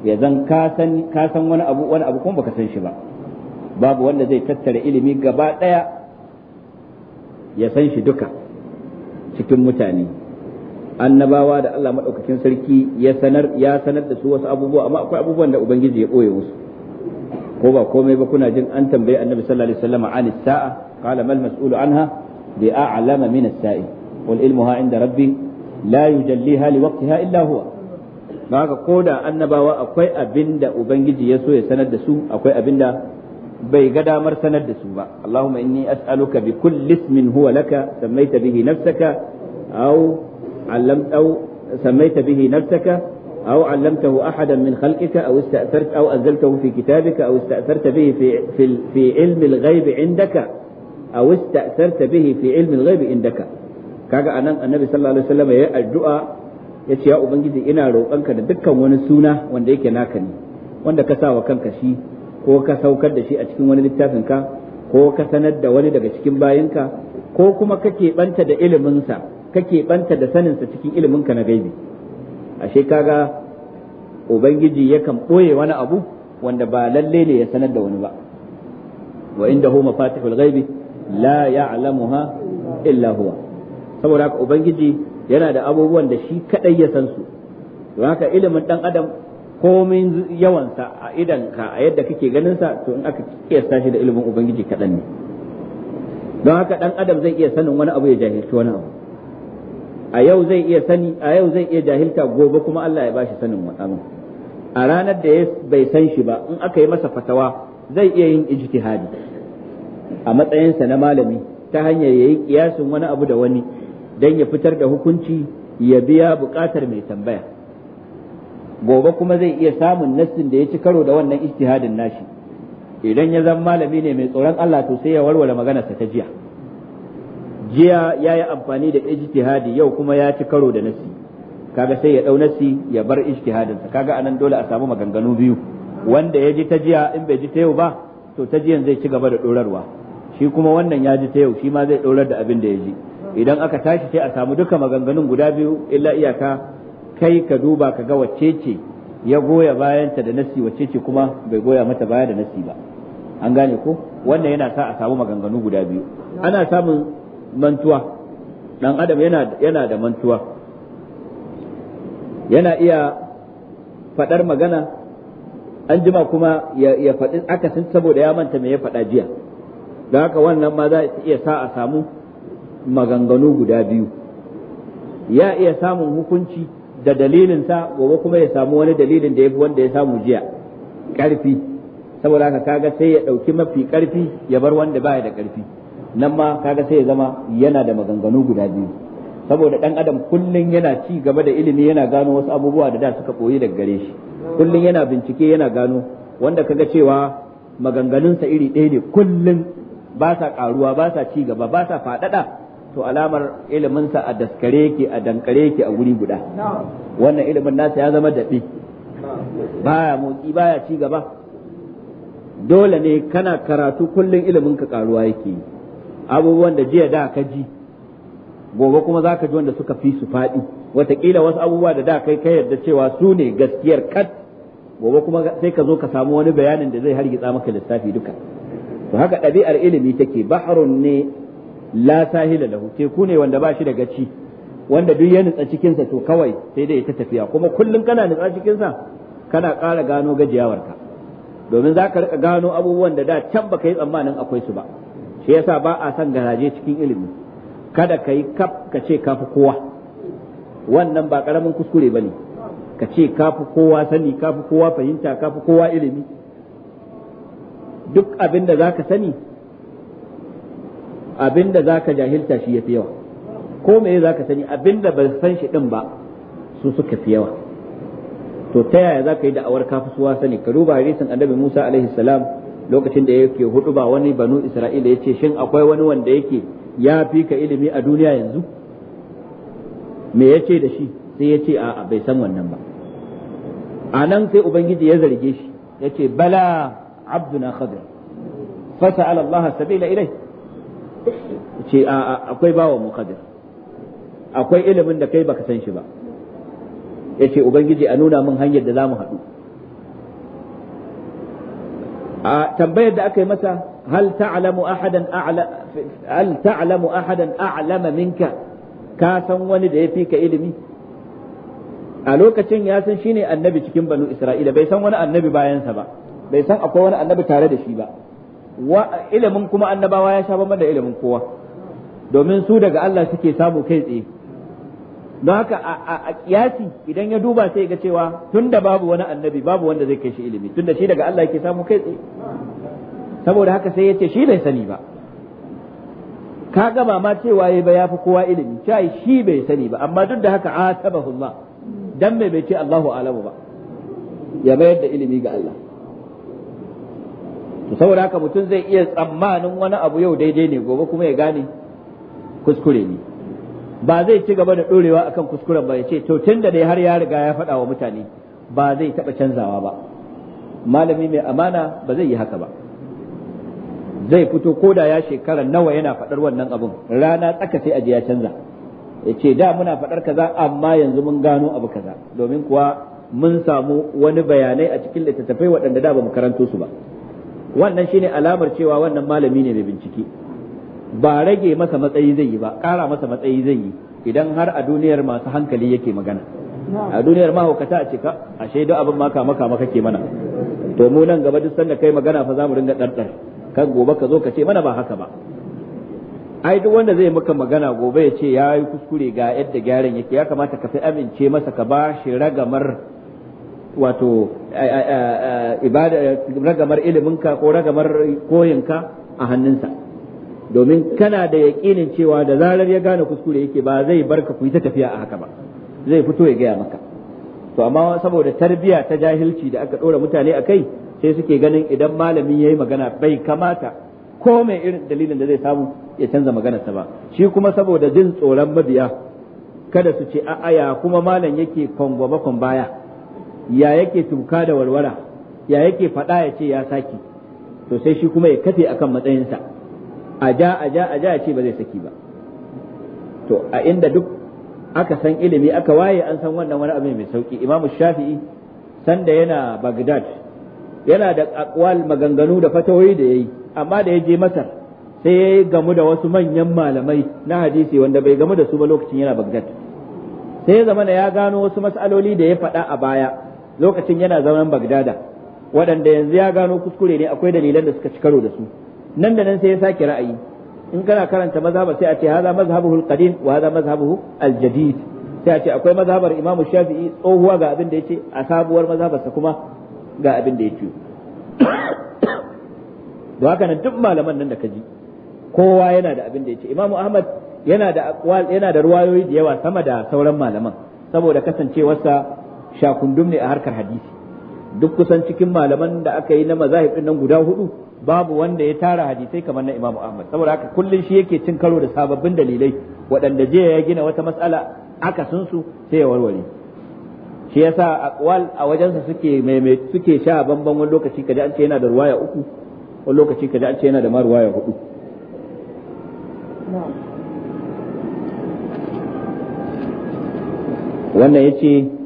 [SPEAKER 2] ya zan ka san ka san wani abu wani abu kuma baka san shi ba babu wanda zai tattara ilimi gaba daya ya san shi duka cikin mutane annabawa da Allah maɗaukakin sarki ya sanar ya sanar da su wasu abubuwa amma akwai abubuwan da ubangiji ya boye musu ko ba komai ba kuna jin an tambaye annabi sallallahu alaihi wasallam an sa'a qala mal mas'ulu anha bi a'lama min as-sa'i wal ha inda rabbi la yujalliha li waqtiha illa huwa haka annabawa akwai abinda ubangiji ya so ya sanar da su akwai abinda bai ga damar sanar da su ba Allahumma inni as'aluka bi kulli ismin huwa laka sammaita bihi nafsaka aw علمت أو سميت به نفسك أو علمته أحدا من خلقك أو استأثرت أو أنزلته في كتابك أو استأثرت به في في, في علم الغيب عندك أو استأثرت به في علم الغيب عندك kaga anan annabi sallallahu alaihi wasallam yayi addu'a yace ya ubangiji ina roƙonka da dukkan wani suna wanda yake naka ne wanda ka sawa kanka shi ko ka saukar da shi a cikin wani littafin ka ko ka sanar da wani daga cikin bayinka ko kuma kake banta da iliminsa kake banta da saninsa cikin ilimin na gaibi ashe kaga ubangiji yakan ɓoye wani abu wanda ba lalle ne ya sanar da wani ba wa inda hu mafatihul ghaibi la ya'lamuha illa huwa saboda haka ubangiji yana da abubuwan da shi kadai ya san su don haka ilimin dan adam komin yawansa a idan ka a yadda kake ganin sa to in aka kiyasta shi da ilimin ubangiji kadan ne don haka dan adam zai iya sanin wani abu ya jahilci wani abu a yau zai iya sani a yau zai iya jahilta gobe kuma Allah ya bashi sanin abin a ranar da ya bai san shi ba in aka yi masa fatawa zai iya yin ijtihadi a matsayinsa na malami ta hanyar yayi kiyasin wani abu da wani dan ya fitar da hukunci ya biya buƙatar mai tambaya gobe kuma zai iya samun nassin da ya ci karo da wannan ijtihadin nashi idan ya zama malami ne mai tsoron Allah to sai ya warware maganarsa ta jiya jiya ya yi amfani da ijtihadi yau kuma ya ci karo da nasi kaga sai ya dau nasi ya bar ijtihadinsa kaga anan dole a samu maganganu biyu wanda ya ji ta jiya in bai ji ta yau ba to ta jiyan zai ci gaba da dorarwa shi kuma wannan ya ji ta yau shi ma zai dorar da abin da ya ji idan aka tashi sai a samu duka maganganun guda biyu illa iyaka kai ka duba ka ga wacce ce ya goya bayanta da nasi wacce ce kuma bai goya mata baya da nasi ba an gane ko wannan yana sa a samu maganganu guda biyu ana samun mantuwa dan adam yana yana da mantuwa yana iya faɗar magana an jima kuma ya faɗi akasin saboda ya manta me ya faɗa jiya da haka wannan ma za iya sa a samu maganganu guda biyu ya iya samun hukunci da dalilinsa gobe kuma ya samu wani dalilin da ya fi wanda ya samu jiya ƙarfi saboda haka kaga sai ya ɗauki mafi ƙarfi ya bar wanda baya da ƙarfi nan ma kaga sai ya zama yana da maganganu guda biyu saboda dan adam kullun yana ci gaba da ilimi yana gano wasu abubuwa da da suka koyi daga gare shi kullun yana bincike yana gano wanda kaga cewa maganganunsa iri ɗaya ne kullun ba sa karuwa ba sa ci gaba ba sa faɗaɗa to alamar iliminsa a daskare yake a dankare yake a guri guda wannan ilimin nasa ya zama daɓe baya motsi baya ci gaba dole ne kana karatu kullun ilimin ka karuwa yake yi abubuwan da jiya da ka ji gobe kuma za ka ji wanda suka fi su faɗi watakila wasu abubuwa da da kai ka yarda cewa su ne gaskiyar kat gobe kuma sai ka zo ka samu wani bayanin da zai hargitsa maka lissafi duka to haka ɗabi'ar ilimi take bahrun ne la sahila lahu teku ne wanda ba shi da gaci wanda duk ya nutsa cikinsa to kawai sai dai ta tafiya kuma kullum kana nutsa cikinsa kana ƙara gano gajiyawarka domin za ka riƙa gano abubuwan da da can baka yi tsammanin akwai su ba shi yasa ba a son garaje cikin ilimi kada ka yi kaf ka ce kafi kowa wannan ba karamin kuskure bane ka ce kafi kowa sani kafi kowa fahimta kafi kowa ilimi duk abin da zaka sani abin da zaka jahilta shi yafi yawa ko me zaka sani abin da ba san shi din ba su suka fi yawa to ta yaya zaka yi da'awar kafi suwa sani ka duba hadisin annabi Musa alaihi salam lokacin da yake hudu ba wani banu isra'ila ya ce shin akwai wani wanda yake ya fi ka ilimi a duniya yanzu me ya ce da shi sai ya ce a bai san wannan ba a nan sai ubangiji ya zarge shi ya ce bala abduna khadir fasa Allah sabila ilai ce akwai bawa mu khadir akwai ilimin da kai baka san shi ba ya ce ubangiji a nuna min hanyar da za mu haɗu a tambayar da aka yi masa hal ta'lamu ahadan a'la hal ta'lamu ahadan a'lama minka ka san wani da ya ka ilimi a lokacin ya san shine annabi cikin banu isra'ila bai san wani annabi bayansa ba bai san akwai wani annabi tare da shi ba ilimin kuma annabawa ya sha bamban da ilimin kowa domin su daga Allah suke samu kai tsaye don haka a kiyasi idan ya duba sai ga cewa tunda babu wani annabi babu wanda zai kai shi ilimi tunda shi daga Allah yake samu kai tsaye saboda haka sai ya ce shi bai sani ba ka gama ma cewa yayi ba yafi kowa ilimi cewa shi bai sani ba amma duk da haka atabahullah dan mai bai ce Allahu alamu ba ya bayar da ilimi ga Allah to saboda haka mutum zai iya tsammanin wani abu yau daidai ne gobe kuma ya gane kuskure ne ba zai ci gaba da ɗorewa akan kuskuren ba ya ce to tun da dai har ya riga ya faɗa wa mutane ba zai taɓa canzawa ba malami mai amana ba zai yi haka ba zai fito ko da ya shekara nawa yana faɗar wannan abun. rana tsaka sai aji ya canza ya ce da muna faɗar kaza amma yanzu mun gano abu kaza domin kuwa mun samu wani bayanai a cikin littattafai waɗanda da ba mu karanto su ba wannan shine alamar cewa wannan malami ne mai bincike ba rage masa matsayi zai yi ba ƙara masa matsayi zai yi idan har a duniyar masu hankali yake magana a duniyar mahaukata a cika a shaidu abin maka maka maka ke mana to mu nan gaba duk sanda kai magana fa za mu ringa ɗarɗar kan gobe ka zo ka ce mana ba haka ba ai duk wanda zai maka magana gobe ya ce ya yi kuskure ga yadda gyaran yake ya kamata ka fi amince masa ka ba shi ragamar wato ragamar iliminka ko ragamar koyinka a hannunsa domin kana da yaƙinin cewa da zarar ya gane kuskure yake ba zai barka ku ta tafiya a haka ba zai fito ya gaya maka to amma saboda tarbiya ta jahilci da aka ɗora mutane a kai sai suke ganin idan malamin ya yi magana bai kamata ko mai irin dalilin da zai samu ya canza maganarsa ba shi kuma saboda jin tsoron mabiya kada su ce a aya kuma malam yake kwangwaba baya ya yake tuka da warwara ya yake faɗa ya ce ya saki to sai shi kuma ya kafe akan matsayinsa a ja a ja a ja ya ce ba zai saki ba to a inda duk aka san ilimi aka waye an san wannan wani abu mai sauki imamu shafi'i sanda yana bagdad yana da akwal maganganu da fatawoyi da yayi amma da ya je masar sai ya gamu da wasu manyan malamai na hadisi wanda bai gamu da su ba lokacin yana bagdad sai ya zama ya gano wasu masaloli da ya faɗa a baya lokacin yana zaman bagdada waɗanda yanzu ya gano kuskure ne akwai dalilan da suka ci karo da su nan da nan sai ya sake ra'ayi in kana karanta mazhaba sai a ce hadha mazhabuhu al-qadim wa hadha mazhabuhu al-jadid sai a ce akwai mazhabar Imam Shafi'i tsohuwa ga abin da yake a sabuwar mazhabarsa kuma ga abin da yake to haka nan duk malaman nan da kaji kowa yana da abin da yake Imam Ahmad yana da aqwal yana da ruwayoyi da yawa sama da sauran malaman saboda kasancewarsa shakundum ne a harkar hadisi duk kusan cikin malaman da aka yi na mazahibin nan guda hudu babu wanda ya tara hadisai kamar na Imam Ahmad saboda haka kullun shi yake cin karo da sababbin dalilai waɗanda jiya ya gina wata mas'ala aka sun su sai ya warware shi yasa aqwal a wajensa suke maimai suke sha bamban wani lokaci kaje an ce yana da ruwaya uku wani lokaci kaje an ce yana da ma ruwaya hudu wannan yace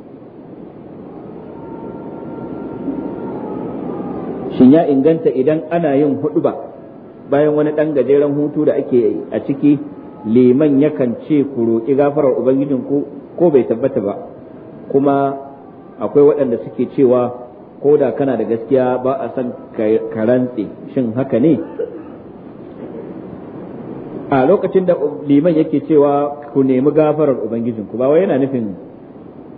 [SPEAKER 2] shin ya inganta idan ana yin huduba bayan wani ɗan gajeren hutu da ake a ciki liman yakan ce ku roƙi gafarar ubangijin ku ko bai tabbata ba kuma akwai waɗanda suke cewa ko da kana da gaskiya ba a san ka rantse shin haka ne a lokacin da liman yake cewa ku nemi gafarar ubangijin ku ba wai yana nufin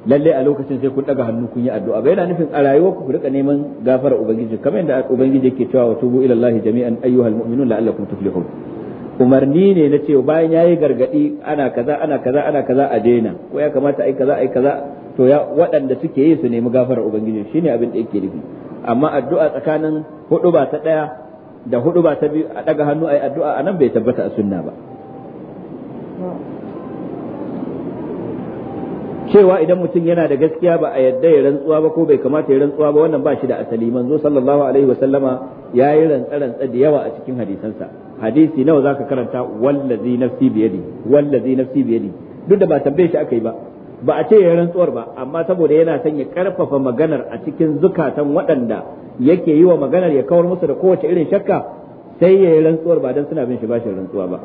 [SPEAKER 2] lalle a lokacin sai kun daga hannu kun yi addu'a ba yana nufin a rayuwar ku rika neman gafara ubangiji kamar yadda ubangiji yake cewa wa tubu ila Allah jami'an ayyuhal mu'minun la'allakum tuflihun umarni ne na cewa bayan yayi gargadi ana kaza ana kaza ana kaza a daina ko ya kamata ai kaza ai kaza to ya waɗanda suke yi su nemi gafara ubangiji shine abin da yake nufi amma addu'a tsakanin hudu ba ta daya da hudu ba ta biyu a daga hannu ai addu'a anan bai tabbata a sunna ba cewa idan mutum yana da gaskiya ba a yadda ya rantsuwa ba ko bai kamata ya rantsuwa ba wannan ba shi da asali manzo sallallahu alaihi wasallama ya yi rantsa-rantsa da yawa a cikin hadisansa hadisi nawa zaka karanta wallazi nafsi biyadi wallazi nafsi biyadi duk da ba tambaye shi aka yi ba ba a ce ya rantsuwar ba amma saboda yana son ya karfafa maganar a cikin zukatan waɗanda yake yi wa maganar ya kawar musu da kowace irin shakka sai ya yi rantsuwar ba dan suna bin shi bashin rantsuwa ba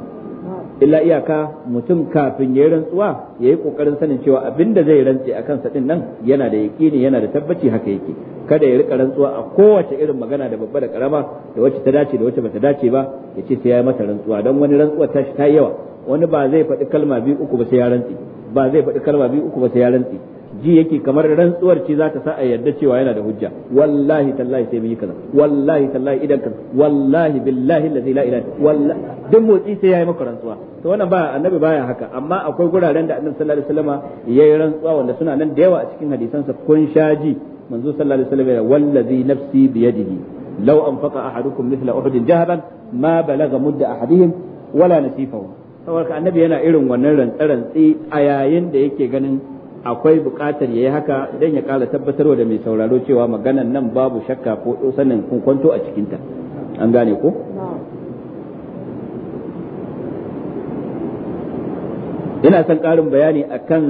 [SPEAKER 2] illa iyaka mutum kafin ya yi rantsuwa ya yi kokarin sanin cewa abin da zai rantse a kan din nan yana da yaƙini yana da tabbaci haka yake kada ya rika rantsuwa a kowace irin magana da babba da karama da wacce ta dace da wacce bata dace ba ya ce sai ya yi mata rantsuwa don wani rantsuwa ta shi ta yawa wani ba zai faɗi kalma biyu uku ba sai ya rantse ba zai faɗi kalma biyu uku ba sai ya rantse ji yake kamar rantsuwar ce za ta sa a yarda cewa yana da hujja wallahi tallahi sai yi kaza wallahi tallahi idan kaza wallahi billahi la ilaha wallahi duk motsi sai yayi maka rantsuwa to wannan ba annabi baya haka amma akwai guraren da annabi sallallahu alaihi wasallama yayi rantsuwa wanda suna nan da yawa a cikin hadisansa kun shaji manzo sallallahu alaihi wasallam ya wallazi nafsi biyadihi law anfaqa ahadukum mithla uhud jahaban ma balaga mudda ahadihim wala nasifahu saboda annabi yana irin wannan rantsarantsi a yayin da yake ganin akwai buƙatar yayi haka dan ya ƙara tabbatarwa da mai sauraro cewa maganan nan babu shakka ko sanin kunkwanto a cikinta an gane ko ina son ƙarin bayani akan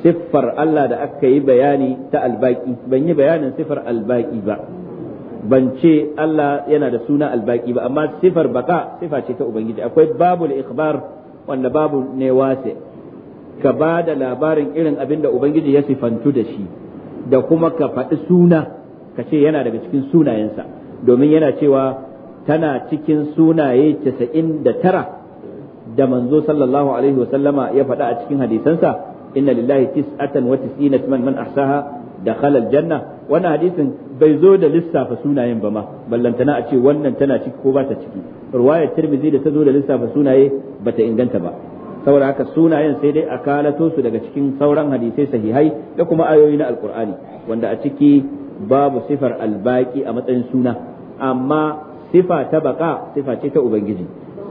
[SPEAKER 2] siffar Allah da aka yi bayani ta albaki ban yi bayanin siffar albaki ba ban ce Allah yana da suna albaki ba amma siffar baka siffa ce ta ubangiji akwai babul ikhbar wanda babu ne wasa. ka ba da labarin irin abin da ubangiji ya sifantu da shi da kuma ka faɗi suna ka ce yana daga cikin sunayensa domin yana cewa tana cikin sunaye casa'in da tara da manzo sallallahu alaihi wasallama ya faɗa a cikin hadisansa inna lillahi tis'atan wa tis'ina man man ahsaha khalal janna. wannan hadisin bai zo da lissafa sunayen ba ma ballantana a ce wannan tana ciki ko ba ta ciki ruwayar tirmidhi da ta zo da lissafa sunaye bata inganta ba saboda haka sunayen sai dai akalato su daga cikin sauran hadisai sahihai da kuma ayoyi na alkur'ani wanda a ciki babu sifar albaki a matsayin suna amma sifa ta baka sifa ce ta ubangiji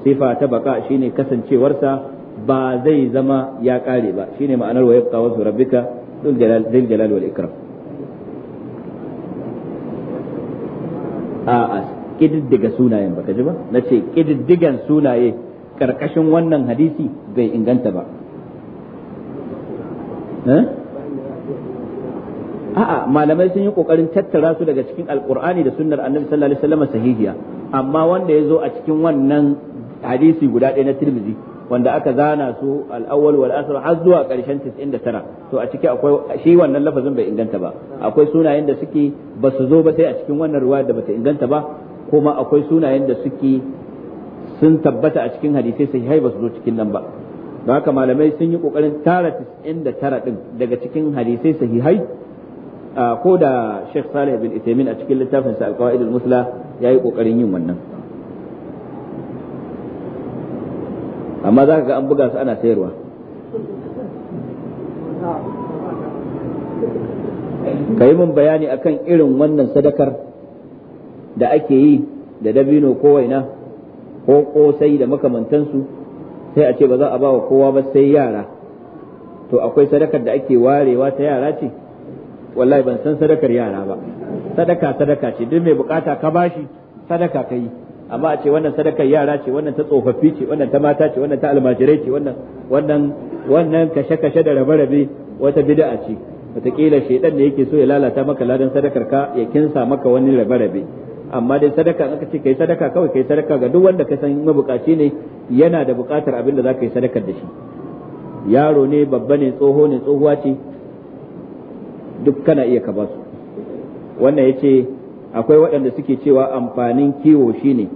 [SPEAKER 2] sifa ta baka shine kasancewarsa ba zai zama ya kare ba shine ma'anar wa yabqa wa rabbika dul jalal dul jalal wal ikram a'a kididdiga sunayen baka ji ba nace kididdigan sunaye karkashin wannan hadisi bai inganta ba eh? a'a malamai sun yi kokarin tattara su daga cikin alkur'ani da sunnar annabi sallallahu alaihi wasallam sahihiya amma wanda ya zo a cikin wannan hadisi guda ɗaya na tirmidhi wanda aka zana su al-awwal wal asr har zuwa ƙarshen 99 to a ciki akwai shi wannan lafazin bai inganta ba akwai sunayen da suke ba su zo ba sai a cikin wannan ruwaya da bata inganta ba kuma akwai sunayen da suke sun tabbata a cikin hadisai sahihai ba su zo cikin nan ba don haka malamai sun yi kokarin tara 99 din daga cikin hadisai sahihai ko da Sheikh Salih bin Uthaymeen a cikin littafin sa Al-Qawaid al-Musla yayi kokarin yin wannan amma zaka ga an buga su ana sayarwa ka mun bayani akan irin wannan sadakar da ake yi da dabino ko waina ko kosai da makamantansu sai a ce ba za a ba wa kowa ba sai yara to akwai sadakar da ake warewa ta yara ce wallahi ban san sadakar yara ba sadaka sadaka ce duk mai bukata ka bashi sadaka ka yi amma a ce wannan sadakar yara ce wannan ta tsofaffi ce wannan ta mata ce wannan ta almajirai ce wannan wannan wannan kashe kashe da rabe rabe wata bid'a ce wataƙila shaidan da yake so ya lalata maka ladan sadakar ka ya kinsa maka wani rabe rabe amma dai sadaka aka ce kai sadaka kawai kai sadaka ga duk wanda ka san mabukaci ne yana da bukatar abin da za ka yi sadakar da shi yaro ne babba ne tsoho ne tsohuwa ce duk kana iya ka basu wannan ya ce akwai waɗanda suke cewa amfanin kiwo shine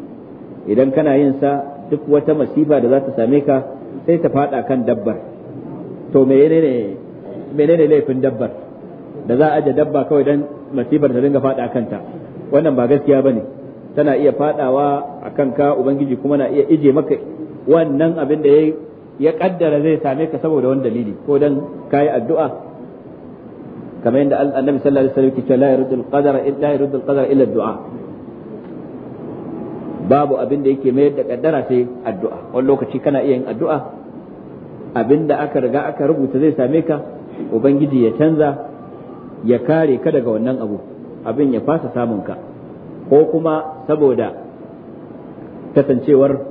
[SPEAKER 2] idan kana yin sa duk wata masifa da za ta same ka sai ta faɗa kan dabbar to menene laifin dabbar da za a aje dabba kawai don masifar ta dinga faɗa kanta wannan ba gaskiya bane tana iya fadawa akan ka ubangiji kuma na iya ije maka wannan abin da ya kaddara zai same ka saboda wani dalili ko dan kai addu'a kamar yadda annabi sallallahu alaihi wasallam yake la yurdu al-qadara illa yurdu al-qadara illa ad-du'a babu abin da yake mayar da kaddara sai addu'a wani lokaci kana iya yin addu'a abin da aka riga aka rubuta zai same ka ubangiji ya canza ya kare ka daga wannan abu abin ya fasa samun ka ko kuma saboda kasancewar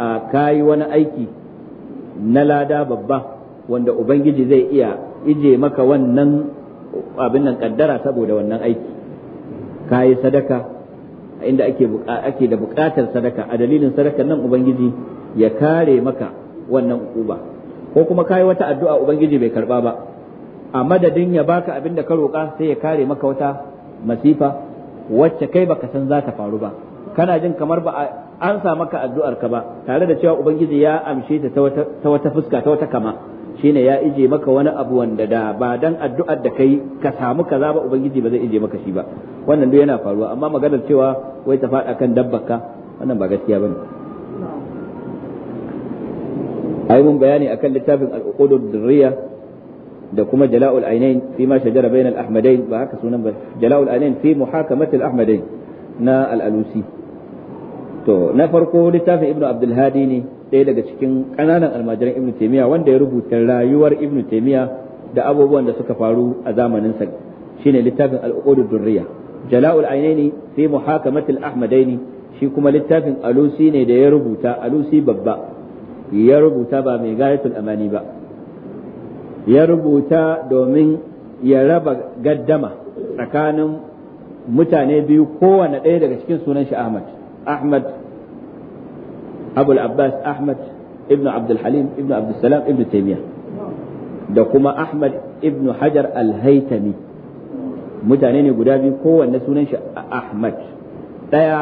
[SPEAKER 2] a kayi wani aiki na lada babba wanda ubangiji zai iya ije maka wannan abin nan kaddara saboda wannan aiki kayi sadaka inda ake ake da bukatar sadaka a dalilin sadakar nan ubangiji ya kare maka wannan uba ko kuma kayi wata addu'a ubangiji bai karba ba a madadin ya baka abin da ka roƙa sai ya kare maka wata masifa wacce kai baka san za ta faru ba kana jin kamar ba an sa maka addu'ar ka ba tare da cewa ubangiji ya amshe ta ta wata fuska ta wata kama shine ya ije maka wani abu wanda da ba dan addu'ar da kai ka samu kaza ba ubangiji ba zai ije maka shi ba wannan duk yana faruwa amma maganar cewa wai ta faɗa kan dabbarka wannan ba gaskiya bane ai mun bayani akan littafin al-uqudud durriya da kuma jala'ul ainain fi ma shajara bainal ba haka sunan ba jala'ul ainain fi muhakamatil ahmadain na al to na farko littafin ibnu abdul hadi ne ɗaya daga cikin ƙananan almajiran ibnu taimiya wanda ya rubuta rayuwar ibnu taimiya da abubuwan da suka faru a zamanin sa shine littafin al-uqudud durriya jala'ul ainaini fi muhakamatil ahmadaini shi kuma littafin alusi ne da ya rubuta alusi babba ya rubuta ba mai gayatul amani ba ya rubuta domin ya raba gaddama tsakanin mutane biyu kowane ɗaya daga cikin sunan shi Ahmad Ahmad Abul Abbas Ahmad ibn Abdul Halim ibn Abdul Salam ibn Taymiyyah da kuma Ahmad ibn Hajar al-Haytami mutane ne guda biyu kowanne sunan shi Ahmad ɗaya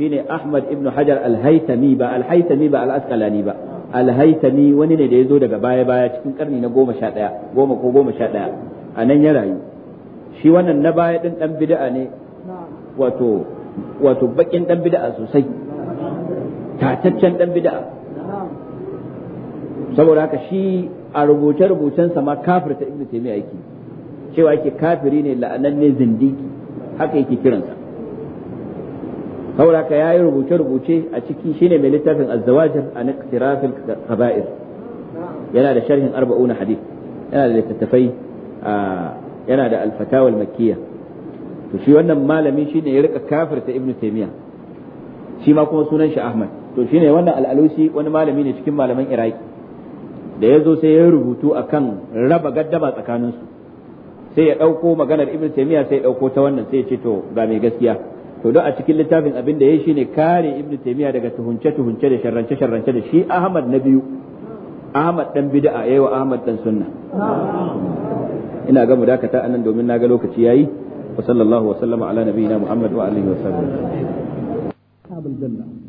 [SPEAKER 2] shine Ahmad ibn Hajar al-Haytami ba al-Haytami ba al-Asqalani ba alhaitami wani ne da ya zo daga baya baya cikin karni na goma sha ɗaya goma ko goma sha ɗaya a nan ya rayu shi wannan na baya ɗin ɗan bida'a ne wato baƙin ɗan bida'a sosai tataccen ɗan bida'a saboda haka shi a rubuce-rubucensa ma kafirta ibnu taymiya yake cewa yake kafiri ne la'ananne zindiki haka yake kiransa saboda ka yayi rubuce-rubuce a ciki shine mai littafin azzawajir an iqtirafil qaba'ir yana da sharhin arba'una hadith yana da littattafai yana da al-fatawa to shi wannan malami shine ya rika kafirta ibnu taymiya shi ma kuma sunan shi ahmad to shine wannan al wani malami ne cikin malaman iraki da ya zo sai ya rubutu akan raba gaddama tsakaninsu sai ya ɗauko maganar ibnu taymiya sai ya ɗauko ta wannan sai ya ce to ga mai gaskiya to don a cikin littafin abin da ya shi ne kare ibn Taimiyya daga tuhunce tuhunce da sharrance sharrance da shi ahmad na biyu ahmad dan bid'a yayi wa ahmad dan sunna ina ga mu dakata anan domin na ga lokaci yayi wa sallallahu wa sallama ala nabiyina muhammad wa alihi wa
[SPEAKER 3] sallam.